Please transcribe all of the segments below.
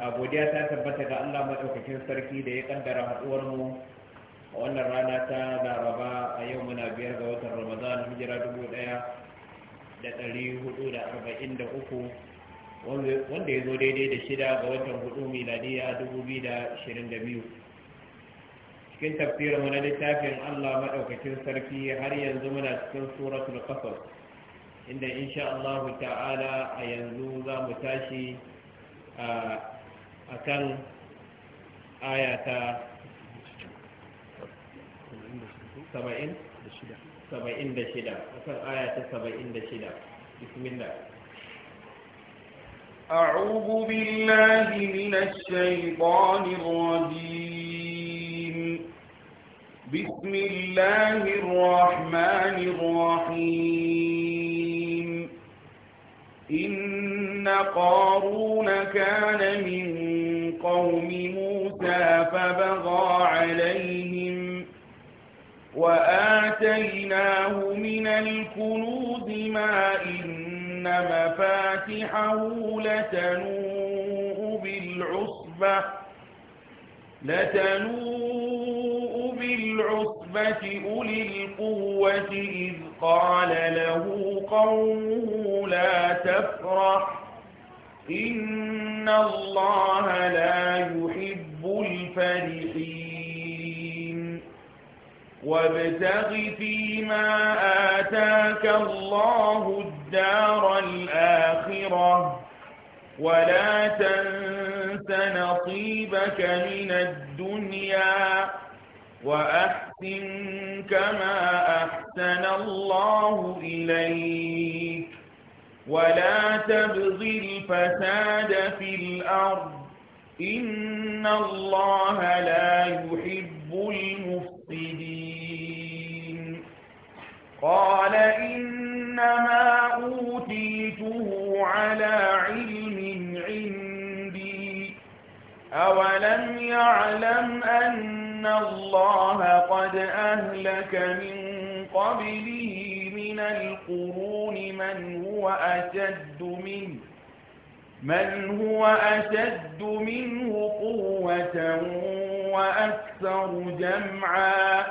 a godiya ta tabbata ga Allah maɗaukakin sarki da ya kaddara haɗuwar mu a wannan rana ta laraba a yau muna biyar ga watan ramadan hijira dubu ɗaya da ɗari hudu da arba'in da uku wanda ya zo daidai da shida ga watan hudu miladiya dubu biyu da ashirin da biyu cikin na littafin Allah maɗaukakin sarki har yanzu muna cikin suratul qasas inda insha Allah ta'ala a yanzu za mu tashi a akan ayata 76 akan ayata 76 bismillah أعوذ بالله من الشيطان الرجيم بسم الله الرحمن الرحيم إن قارون كان من قوم موسى فبغى عليهم وآتيناه من الكنوز ما إن مفاتحه لتنوء بالعصبة لتنوء بالعصبة أولي القوة إذ قال له قومه لا تفرح إن الله لا يحب الفرحين وابتغ فيما آتاك الله الدار الآخرة ولا تنس نصيبك من الدنيا وأحسن كما أحسن الله إليك ولا تبغ الفساد في الأرض إن الله لا يحب المفسدين قال إنما أوتيته على علم عندي أولم يعلم أن الله قد أهلك من قبله من القرون من هو أشد منه من هو أشد منه قوة وأكثر جمعا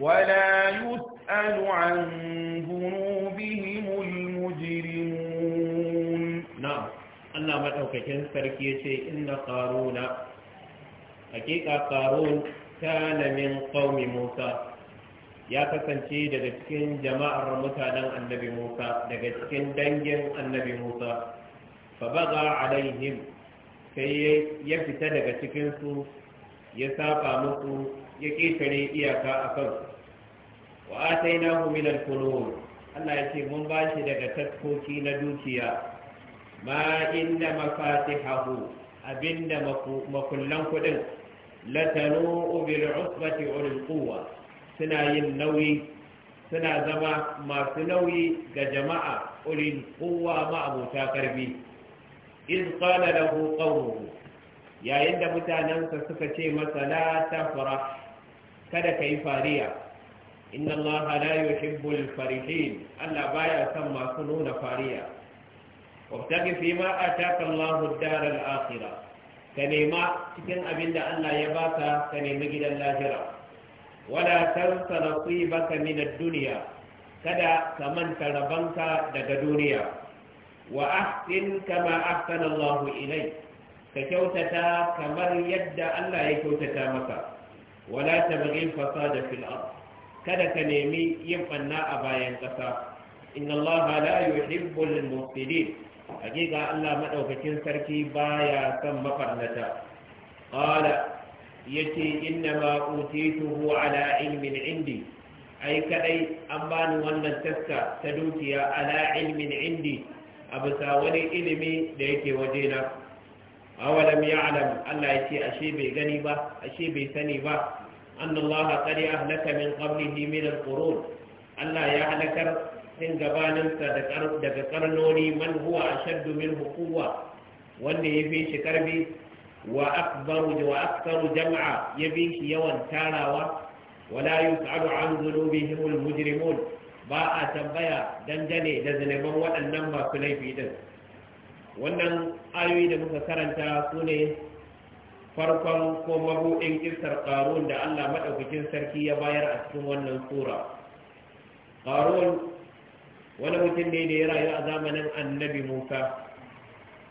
ولا يسأل عن ذنوبهم المجرمون نعم أنا ما توكتن سركيتي إن قارون حقيقة قارون كان من قوم موسى ya kasance daga cikin jama'ar mutanen annabi Musa daga cikin dangin annabi Musa fa baga alaihim sai ya fita daga cikin su ya saba musu ya ƙetare iyaka a kan wa atainahu min al Allah ya ce mun bashi daga taskoki na dukiya ma inda mafatihahu abinda makullan kudin latanu bil usbati ulul quwwa suna yin nauyi suna zama masu nauyi ga jama'a ulin kowa ma'abota karfi iz qala lahu qawmuhu yayin da mutanensa suka ce masa la tafrah kada yi fariya inna allaha la yuhibbul farihin Allah baya son masu nuna fariya wabtaqi fi ma ataka Allahu ad-dar al-akhirah ka nema cikin abin da Allah ya baka ka nemi gidan lahira wala tansa nasibaka min ad-dunya kada ka manta rabanka daga duniya wa ahsin kama ahsana Allahu ilai ka kyautata kamar yadda Allah ya kyautata maka wala tabghi fasada fil ard kada ka nemi yin fanna a bayan ƙasa inna Allah la yuhibbul mufsidin hakika Allah madaukakin sarki baya son mafarnata qala Ya ce inna ma utituhu ala ilmin indi ai kadai an bani wannan taska ta dukiya ala ilmin indi a bisa wani ilimi da yake wajena awalam ya'lam Allah yace ashe bai gani ba ashe bai sani ba annallaha qad ahlaka min qablihi min al-qurun Allah ya halakar sun gabaninsa daga karnoni man huwa ashaddu minhu quwwa wanda ya fi shi karbi wa akbaru wa aktaru jam'a ya bi shi yawan tarawa wala yus'alu an dhunubihim al-mujrimun ba a tambaya dangane da zaliman waɗannan masu laifi din wannan ayoyi da muka karanta su ne farkon ko mabuɗin kisar ƙarun da Allah maɗaukakin sarki ya bayar a cikin wannan sura ƙarun wani mutum ne da ya rayu a zamanin annabi musa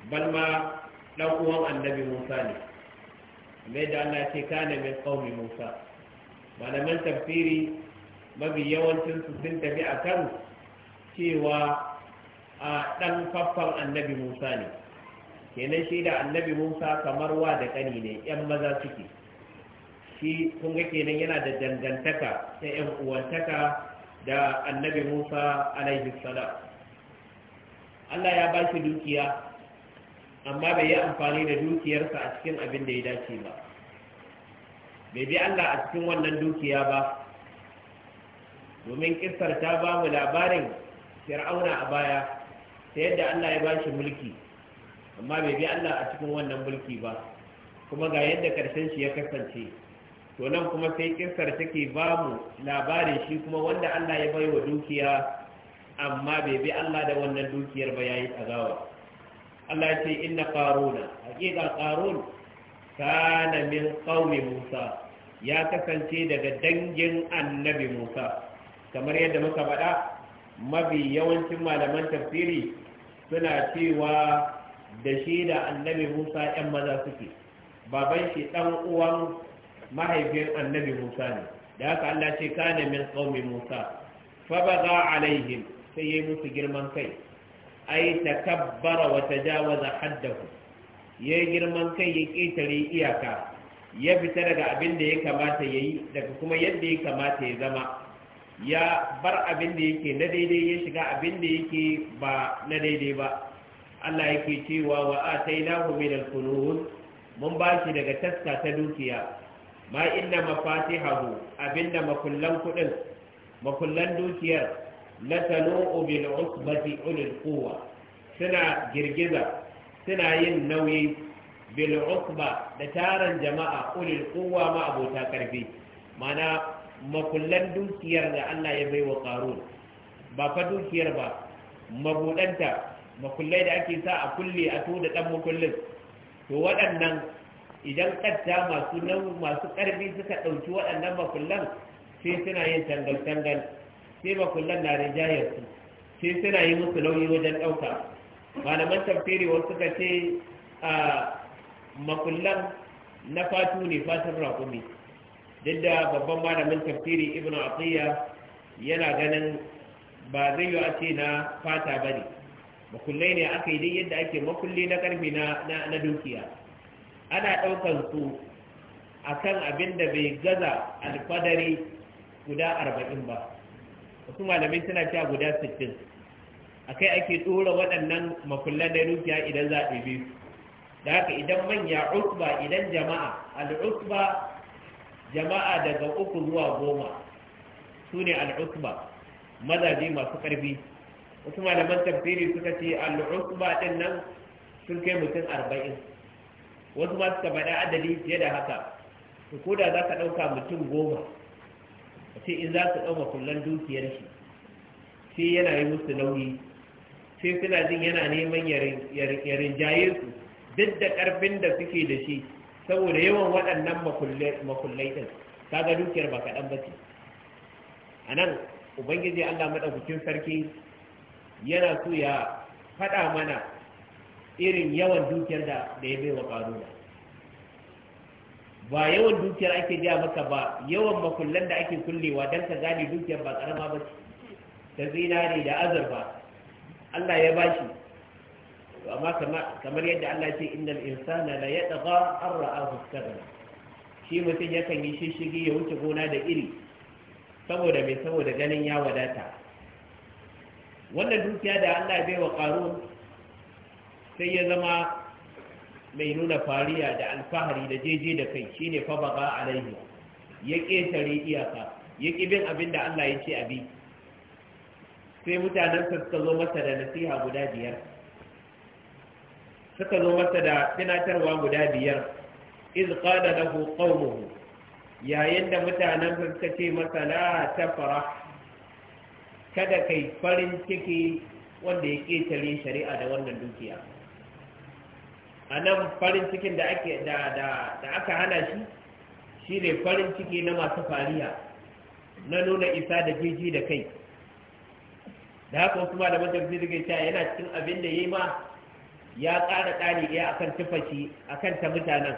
balma dan uwan annabi Musa ne mai da Allah ce kana min qaumi Musa malaman tafsiri mafi yawancin su sun tafi akan cewa a ɗan faffan annabi Musa ne kenan shi da annabi Musa kamar wa da kani ne yan maza suke shi kun ga kenan yana da dangantaka ta yan uwantaka da annabi Musa alaihi salam Allah ya ba shi dukiya amma bai yi amfani da dukiyarsa a cikin abin da ya dace ba bai bi Allah a cikin wannan dukiya ba domin kissar ta ba mu labarin fir'auna a baya ta yadda Allah ya bashi mulki amma bai bi Allah a cikin wannan mulki ba kuma ga yadda karshen shi ya kasance to nan kuma sai kissar take ba mu labarin shi kuma wanda Allah ya bai wa dukiya amma bai bi Allah da wannan dukiyar ba yayi tsagawa Allah ce inna qaruna hakika qarun kana min qaumi Musa ya kasance daga dangin annabi Musa kamar yadda muka faɗa mafi yawancin malaman tafsiri suna cewa da shi da annabi Musa ‘yan maza suke baban shi ɗan uwan mahaifin annabi Musa ne da haka Allah ce kana min qaumi Musa fa baga alaihim sai yayi musu girman kai ai takabbara wa tajawaza haddahu ya girman kai ya ƙetare iyaka ya fita daga abin da ya kamata ya yi daga kuma yadda ya kamata ya zama ya bar abin da yake na daidai ya shiga abin da yake ba na daidai ba Allah yake cewa wa atainahu min al mun ba shi daga taska ta dukiya ma inna mafatihahu abinda makullan kudin makullan dukiyar latanu'u bil usbati ulil quwwa suna girgiza suna yin nauyi bil usba da taron jama'a ulil quwwa ma abota karfi mana makullan dukiyar da Allah ya wa qarun ba fa dukiyar ba mabudanta makullai da ake sa a kulle a to da dan makullin to waɗannan idan ƙadda masu masu ƙarfi suka ɗauki waɗannan makullan sai suna yin tangal-tangal sai makullan na rinjayar su sai suna yi musu nauyi wajen ɗauka malaman tafsiri wasu suka ce a makullan na fatu ne fatan raƙumi duk da babban malamin tafsiri ibn atiyya yana ganin ba zai yi a ce na fata ba ne makullai ne aka yi dai yadda ake makulli na ƙarfi na dukiya ana ɗaukan su a kan abin da bai gaza alfadari guda arba'in ba wasu malamai suna cewa guda sittin akai ake ɗora waɗannan makullan da rukiya idan za a ɗebe su da haka idan manya usba idan jama'a al'usba jama'a daga uku zuwa goma su ne al'usba mazaje masu ƙarfi wasu malaman tafsiri suka ce al'usba ɗin nan sun kai mutum arba'in wasu ma suka faɗi adadi fiye da haka ko da za ka ɗauka mutum goma Sai in za su ɗauka kullum dukiyar shi sai yana yi musu nauyi sai suna jin yana neman yarin jayensu duk da ƙarfin da suke da shi saboda yawan waɗannan makullai ɗin kaga dukiyar ba kaɗan ba ce a nan ubangiji allah maɗaukakin sarki yana so ya faɗa mana irin yawan dukiyar da ya bai wa ƙaruna ba yawan dukiyar ake gaya maka ba yawan makullan da ake kullewa don ka gane dukiyar ba karama ba ce ta zinare da azurfa Allah ya bashi amma kamar yadda Allah ce innal insana la yatgha an ra'ahu shi mutum yakan yi shishigi ya wuce gona da iri saboda mai saboda ganin ya wadata wannan dukiya da Allah bai wa ƙaru sai ya zama mai nuna fariya da alfahari da jeje da kai shine fa baga alaihi ya ƙetare iyaka ya ƙi bin abin da Allah ya ce abi sai mutanen suka zo masa da nasiha guda biyar suka zo masa da tunatarwa guda biyar iz qala lahu qaumuhu yayin da mutanen suka ce masa la fara kada kai farin ciki wanda ya ƙetare shari'a da wannan dukiya a nan farin cikin da aka hana shi shi ne farin ciki na masu fariya na nuna isa da jiji da kai da haka kuma da tafsir ke cewa yana cikin abin da yi ma ya ƙara tsari ɗaya akan tufashi akan ta mutanen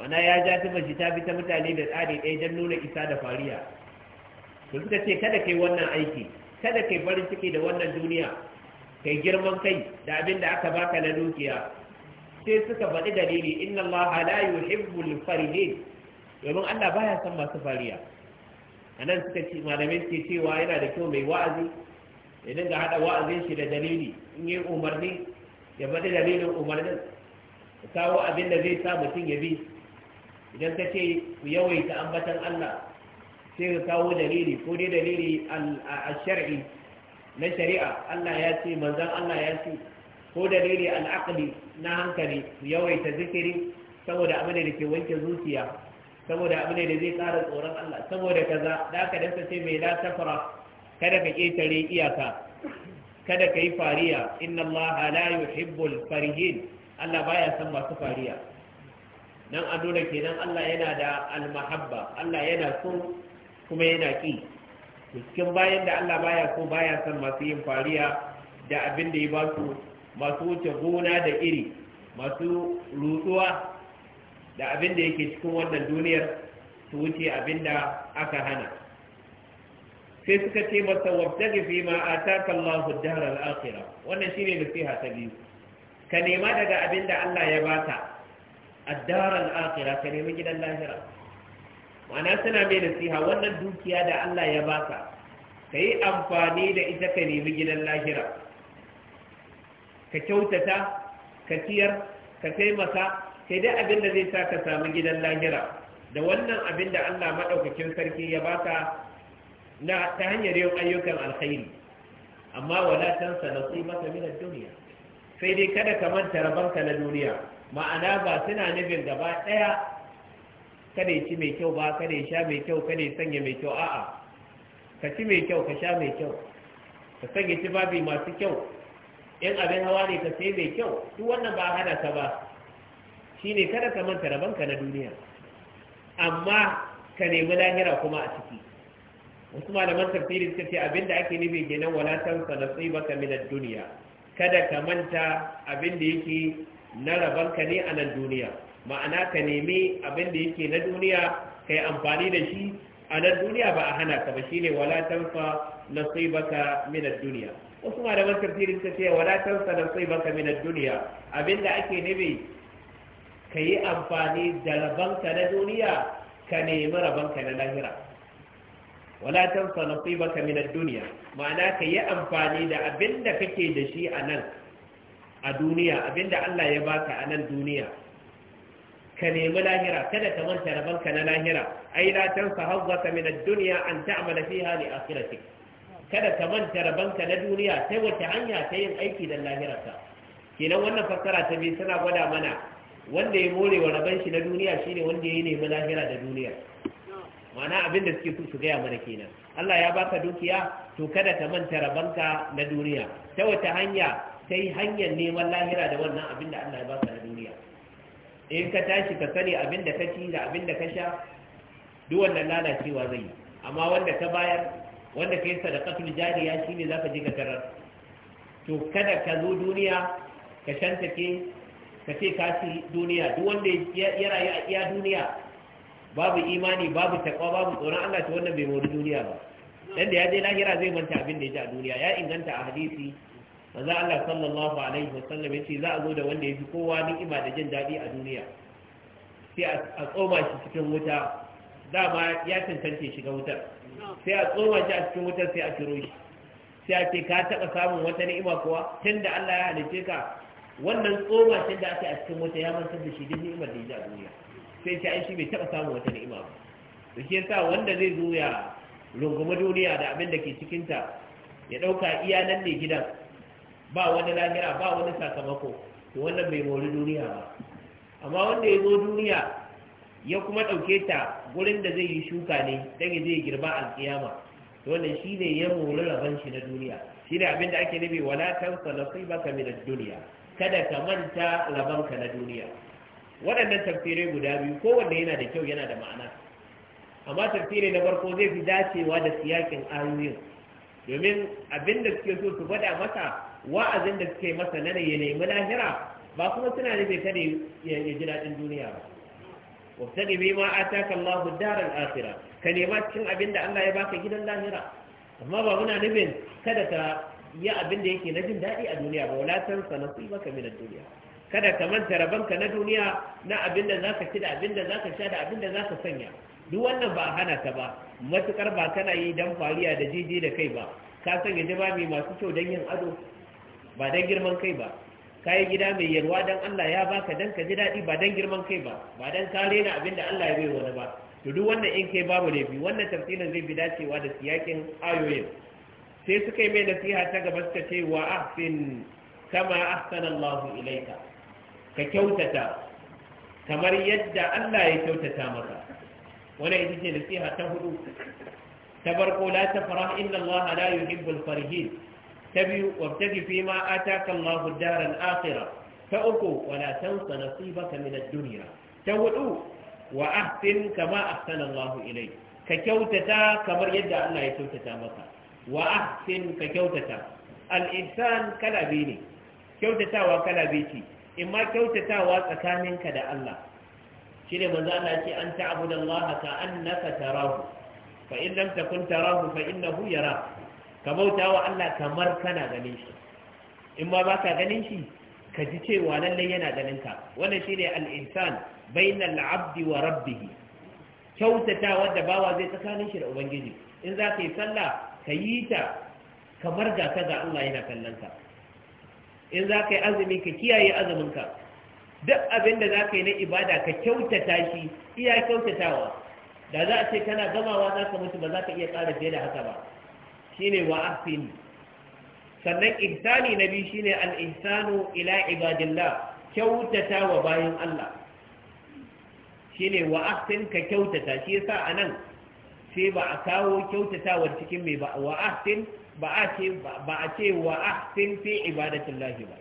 wana ya ja tufashi ta bi ta mutane da tsari ɗaya don nuna isa da fariya to suka ce kada kai wannan aiki kada kai farin ciki da wannan duniya kai girman kai da abin da aka baka na dukiya sai suka faɗi dalili inna Allah la fari ne domin Allah baya son masu fariya anan suka ce malamai suke cewa yana da kyau mai wa'azi ya dinga haɗa wa'azin shi da dalili in yi umarni ya faɗi dalilin umarnin ya kawo abin da zai sa mutum ya bi idan ka ce ku yawaita ambatan Allah sai ka kawo dalili ko dai dalili a shari'i na shari'a Allah ya ce manzan Allah ya ce ko dalili al'aqli na hankali su yawaita zikiri saboda abin da ke wanke zuciya saboda abin da zai ƙara tsoron Allah saboda kaza da aka dasa sai mai la tafara kada ka ƙetare iyaka kada ka yi fariya inna Allah la yuhibbul farihin Allah baya son masu fariya nan a dole kenan Allah yana da almahabba Allah yana so kuma yana ki cikin bayan da Allah baya ko baya son masu yin fariya da abin da ya ba su masu wuce gona da iri masu rutsuwa da abin da yake cikin wannan duniyar su wuce abin da aka hana sai suka ce masa wabtagi fi ma a Allahu ad-dahr al-akhirah wannan shine nasiha ta biyu ka nema daga abin da Allah ya baka ad-dahr al-akhirah ka nemi gidan lahira ma'ana suna mai nasiha wannan dukiya da Allah ya baka ka yi amfani da ita ka nemi gidan lahira ka kyautata ka ciyar ka taimaka kai dai abin da zai sa ka samu gidan lahira da wannan abin da Allah maɗaukacin sarki ya baka na ta hanyar yin ayyukan alkhairi amma wala tansa nasibaka min ad-dunya sai dai kada ka manta rabanka na duniya ma'ana ba suna nufin gaba ɗaya kada ya ci mai kyau ba kada ya sha mai kyau kada ya sanya mai kyau a'a ka ci mai kyau ka sha mai kyau ka sanya ci babi masu kyau in abin hawa ne ka sai mai kyau duk wannan ba hana ka ba Shi ne kada ka manta rabanka na duniya amma ka nemi lahira kuma a ciki wasu malaman tafsiri suka ce abinda ake nufi kenan wala na nasibaka min ad duniya kada ka manta abinda yake na rabanka ne a nan duniya ma'ana ka nemi abinda yake na duniya ka yi amfani da shi a nan duniya ba a hana ka ba Shi shine wala na nasibaka min ad duniya wasu malaman tafsiri suka ce wala tansa nasibaka min ad-dunya abinda ake ka yi amfani da ka na duniya ka nemi ka na lahira wala tansa nasibaka min ad-dunya ma'ana ka yi amfani da abinda kake da shi a nan a duniya abinda Allah ya baka a nan duniya ka nemi lahira kada ka manta ka na lahira ai la tansa hazzaka min ad-dunya an ta'mala fiha li akhiratik kada ka manta rabanka na duniya sai wace hanya ta yin aiki da lahirarka kenan wannan fassara ta biyu tana gwada mana wanda ya more wa raban shi na duniya shine wanda ya yi nemi lahira da duniya Ma'ana abin da suke su gaya mana kenan Allah ya baka dukiya to kada ka manta rabanka na duniya ta wata hanya ta yi hanyar neman lahira da wannan abin da Allah ya baka na duniya in ka tashi ka sani abin da ka ci da abin da ka sha duk wannan lalacewa zai yi amma wanda ka bayar wanda kai sadaqatul jariya shine zaka je ka tarar to kada ka zo duniya ka shantake ka ce ka ci duniya duk wanda ya rayu a iya duniya babu imani babu takwa babu tsoron Allah ta wannan bai mori duniya ba dan da ya je lahira zai manta abin da ya ji a duniya ya inganta a hadisi manzo Allah sallallahu alaihi wasallam ce za a zo da wanda ya fi kowa ni'ima da jin daɗi a duniya sai a tsoma shi cikin wuta dama ya tantance shiga wutar sai a tsoma shi a cikin wutar sai a ciro shi sai a ce ka taɓa samun wata ni'ima kuwa tun da Allah ya halice ka wannan tsoma shi da ake a cikin wuta ya mantar da shi duk ni'imar da ya a duniya sai shi shi bai taɓa samun wata ni'ima ba to shi yasa wanda zai zo ya rungumi duniya da abin da ke cikinta ya ɗauka iya nan ne gidan ba wani lahira ba wani sakamako to wannan bai mori duniya ba amma wanda ya zo duniya ya kuma ɗauke ta gurin da zai yi shuka ne don ya zai girba alkiyama to wannan shi ne ya mori rabon shi na duniya shi ne abin da ake nufi wala na sai baka mai da duniya? kada ka manta rabon ka na duniya waɗannan tafsirai guda biyu kowanne yana da kyau yana da ma'ana amma tafsirai na farko zai fi dacewa da siyakin ayoyin domin abin da suke so su faɗa masa wa'azin da suke masa na ya nemi lahira ba kuma suna nufin kada ya ji daɗin duniya ba wabtaghi ma ataka Allahu daral asira. ka nema cikin abin da Allah ya baka gidan lahira amma ba muna nufin kada ka yi abin da yake na jin daɗi a duniya ba wala tansa nasibaka min ad kada ka manta rabanka na duniya na abin da za ka ci da abin da za ka sha da abin da za ka sanya duk wannan ba hana ta ba matukar ba kana yi dan fariya da jiji da kai ba ka sanya jima masu kyau don yin ado ba don girman kai ba kayi gida mai yalwa dan Allah ya baka dan ka ji daɗi ba dan girman kai ba ba dan ka rena abin da Allah ya bai wani ba to duk wannan in kai babu laifi wannan tafsirin zai bi dacewa da siyakin ayoyin sai suka yi mai nasiha ta gaba suka ce wa ahsin kama ahsana Allah ilaika ka kyautata kamar yadda Allah ya kyautata maka wannan ita ce nasiha ta hudu ta barko la tafrah inna Allah la yuhibbul farihin ta biyu wabtaki fi ma ataka Allahu daral akhirah ta uku wala tansa nasibaka min ad-dunya ta hudu wa ahsin kama ahsana Allahu ilayk ka kyautata kamar yadda Allah ya kyautata maka wa ahsin ka kyautata al-ihsan kala biyu ne kyautatawa kala biyu ce in ma kyautatawa tsakaninka da Allah shi ne manzo ce an ta'budallaha ka annaka tarahu fa in lam takun tarahu fa innahu yara ka bauta wa Allah kamar kana ganin shi in ma baka ganin shi ka ji cewa lallai yana ganin ka wannan shine al-insan bainal la'abdi wa rabbih kyautata wanda bawa zai tsakanin shi da ubangiji in za ka yi sallah ka yi ta kamar ga ka ga Allah yana kallon ka in za ka yi azumi ka kiyaye azumin ka duk abin da za ka yi na ibada ka kyautata shi iya kyautatawa da za a ce kana gamawa za ka mutu ba za ka iya ƙara fiye da haka ba shine wa ahsin sannan ihsani na biyu shine al ihsanu ila ibadillah kyautata wa bayan Allah shine wa ahsin ka kyautata shi yasa anan sai ba a kawo kyautatawar cikin mai ba wa ahsin ba a ce ba a ce wa ahsin fi ibadatillahi ba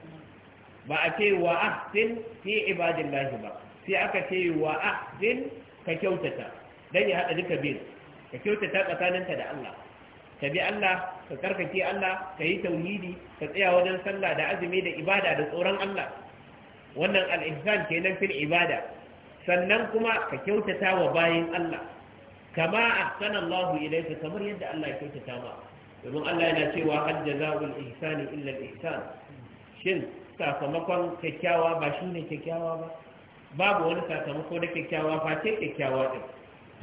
ba a ce wa ahsin fi ibadillahi ba sai aka ce wa ahsin ka kyautata dan ya hada duka biyu ka kyautata tsakaninka da Allah ka bi Allah ka karkace Allah ka yi tauhidi ka tsaya wajen sallah da azumi da ibada da tsoron Allah wannan al-ihsan kenan fil ibada sannan kuma ka kyautata wa bayin Allah kama ahsana Allah ilayka kamar yadda Allah ya kyautata ma domin Allah yana cewa hal jazaa'ul ihsani illa al-ihsan shin sakamakon kyakkyawa ba shi ne kyakkyawa ba babu wani sakamako na kyakkyawa face kyakkyawa din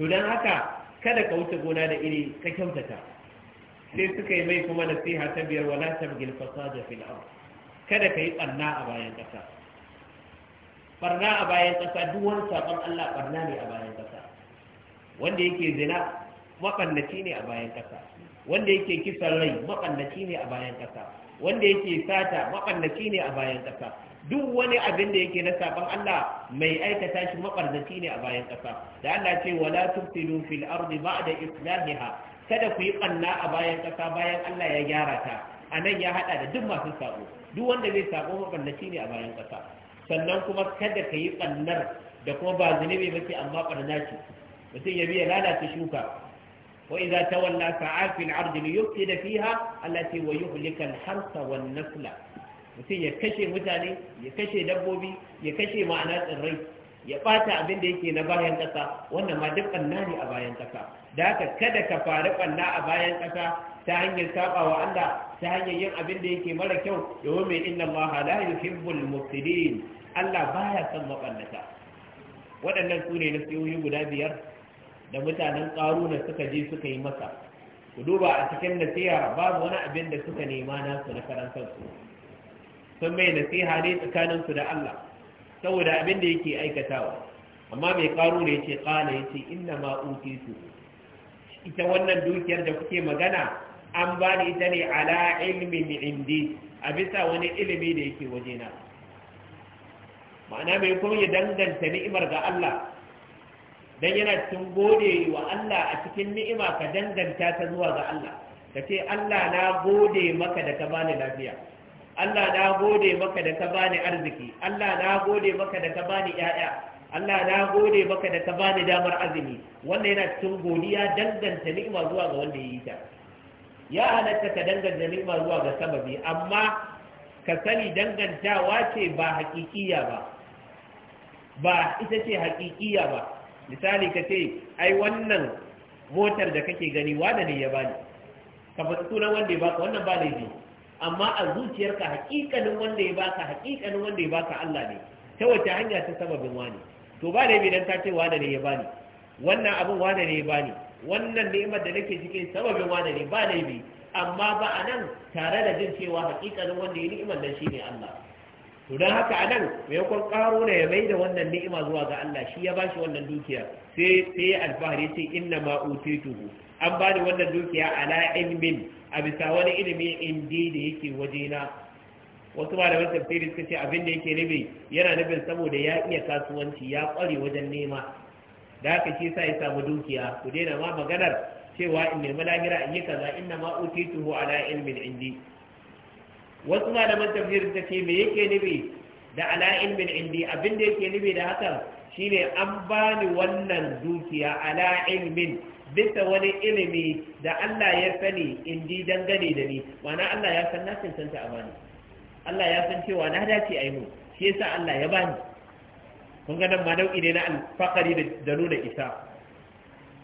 to dan haka kada ka wuce gona da iri ka kyautata sai suka yi mai kuma nasiha ta biyar wala tabgil fasada fil ard kada kai barna a bayan kasa barna a bayan kasa duk wani sabon Allah barna ne a bayan kasa wanda yake zina mabannaci ne a bayan kasa wanda yake kisan rai mabannaci ne a bayan kasa wanda yake sata mabannaci ne a bayan kasa duk wani abin da yake na saban Allah mai aikata shi mabarnaci ne a bayan kasa da Allah ce wala tufsidu fil ardi ba'da islahiha kada ku yi ɓanna a bayan ƙasa bayan Allah ya gyara ta a nan ya haɗa da duk masu saƙo duk wanda zai saƙo maɓannaci ne a bayan ƙasa sannan kuma kada ka yi ɓannar da kuma ba zunubi ba ce amma ɓarna ce mutum ya biya lalata shuka wa idza tawalla sa'a fil ardi li fiha allati wa yuhlika al harsa wan nasla mutum ya kashe mutane ya kashe dabbobi ya kashe ma'ana tsirrai ya ɓata abin da yake na bayan ƙasa wannan ma duk ɓanna ne a bayan ƙasa da haka kada ka fari ɓanna a bayan ƙasa ta hanyar saba Allah ta hanyar yin abin da yake mara kyau yawa mai inna Allah la yuhibbul mufsidin Allah baya san mabannata waɗannan sune ne nasihohi guda biyar da mutanen na suka je suka yi masa ku duba a cikin nasiha babu wani abin da suka nema nasu na karan sun mai nasiha ne tsakaninsu da Allah saboda abin da yake aikatawa amma mai karu da yace qala yace inna ma utitu ita wannan dukiyar da kuke magana an ba ni ita ne ala ilmin indi a bisa wani ilimi da yake wajena ma'ana mai kuma ya danganta ni'imar ga Allah dan yana cikin gode wa Allah a cikin ni'ima ka danganta ta zuwa ga Allah ka ce Allah na gode maka da ka bani lafiya Allah na gode maka da ka bani arziki Allah na gode maka da ka bani ƴaƴa Allah na gode maka da ka bani damar azumi Wannan yana cikin godiya danganta ni'ima zuwa ga wanda ya yi ta ya halatta ka danganta ni'ima zuwa ga sababi amma ka sani dangantawa ce ba hakikiya ba ba ita ce hakikiya ba misali ka ce ai wannan motar da kake gani wanda ne ya bani ka faɗi sunan wanda ya baka wannan ba laifi amma a zuciyarka haƙiƙanin wanda ya baka haƙiƙanin wanda ya baka Allah ne ta wace hanya ta sababin wani to ba da idan ta ce wani ne ya bani wannan abin wani ne ya bani wannan ni'imar da nake cikin sababin wani ne ba laifi amma ba a nan tare da jin cewa haƙiƙanin wanda ya ni'imar shi ne Allah to don haka a nan maimakon karo na ya mai da wannan ni'ima zuwa ga Allah shi ya bashi wannan dukiya sai sai alfahari sai inna ma utituhu an bani wannan dukiya ala a bisa wani ilimi indi da yake wajena wasu malaman tafsiri suka ce abin da yake nufi yana nufin saboda ya iya kasuwanci ya kware wajen nema da haka shi sa ya samu dukiya ku daina ma maganar cewa in nemi lahira in yi kaza inna ma utituhu ala ilmin indi wasu malaman tafsiri suka ce me yake nufi da ala ilmin indi abin da yake nufi da hakan shine an bani wannan dukiya ala ilmin bisa wani ilimi da Allah ya sani in ji dangane da ni ma'ana Allah ya san na cancanta a bani Allah ya san cewa na dace a yi mu shi yasa Allah ya bani kun ga nan ma nau'i ne na alfakari da nuna isa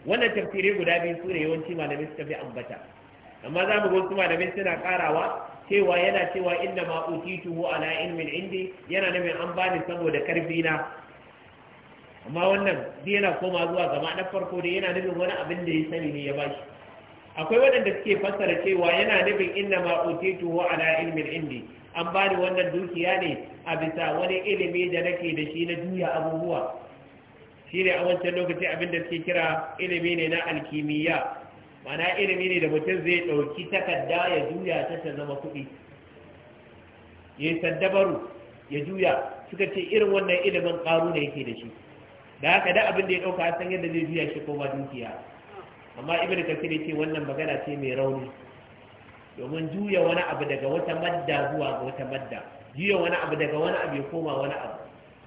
wannan tafsirai guda biyu su yawanci malamai suka fi ambata amma za mu ga wasu malamai suna karawa cewa yana cewa inda ma utituhu ala ilmin indi yana nufin an bani saboda karfi na amma wannan zai yana koma zuwa gama na farko dai yana nufin wani abin da ya sani ne ya bashi akwai waɗanda suke fassara cewa yana nufin inna ma utitu wa ala ilmin indi an bani wannan dukiya ne a bisa wani ilimi da nake da shi na juya abubuwa shine a wancan lokaci abin da suke kira ilimi ne na alkimiyya mana ilimi ne da mutum zai ɗauki takarda ya juya ta ta zama kuɗi ya yi ya juya suka ce irin wannan ilimin ƙaru ne yake da shi da haka da abin da ya dauka san yadda zai biya shi ko ba dukiya amma ibnu kathir yace wannan magana ce mai rauni domin juya wani abu daga wata madda zuwa ga wata madda juya wani abu daga wani abu ya koma wani abu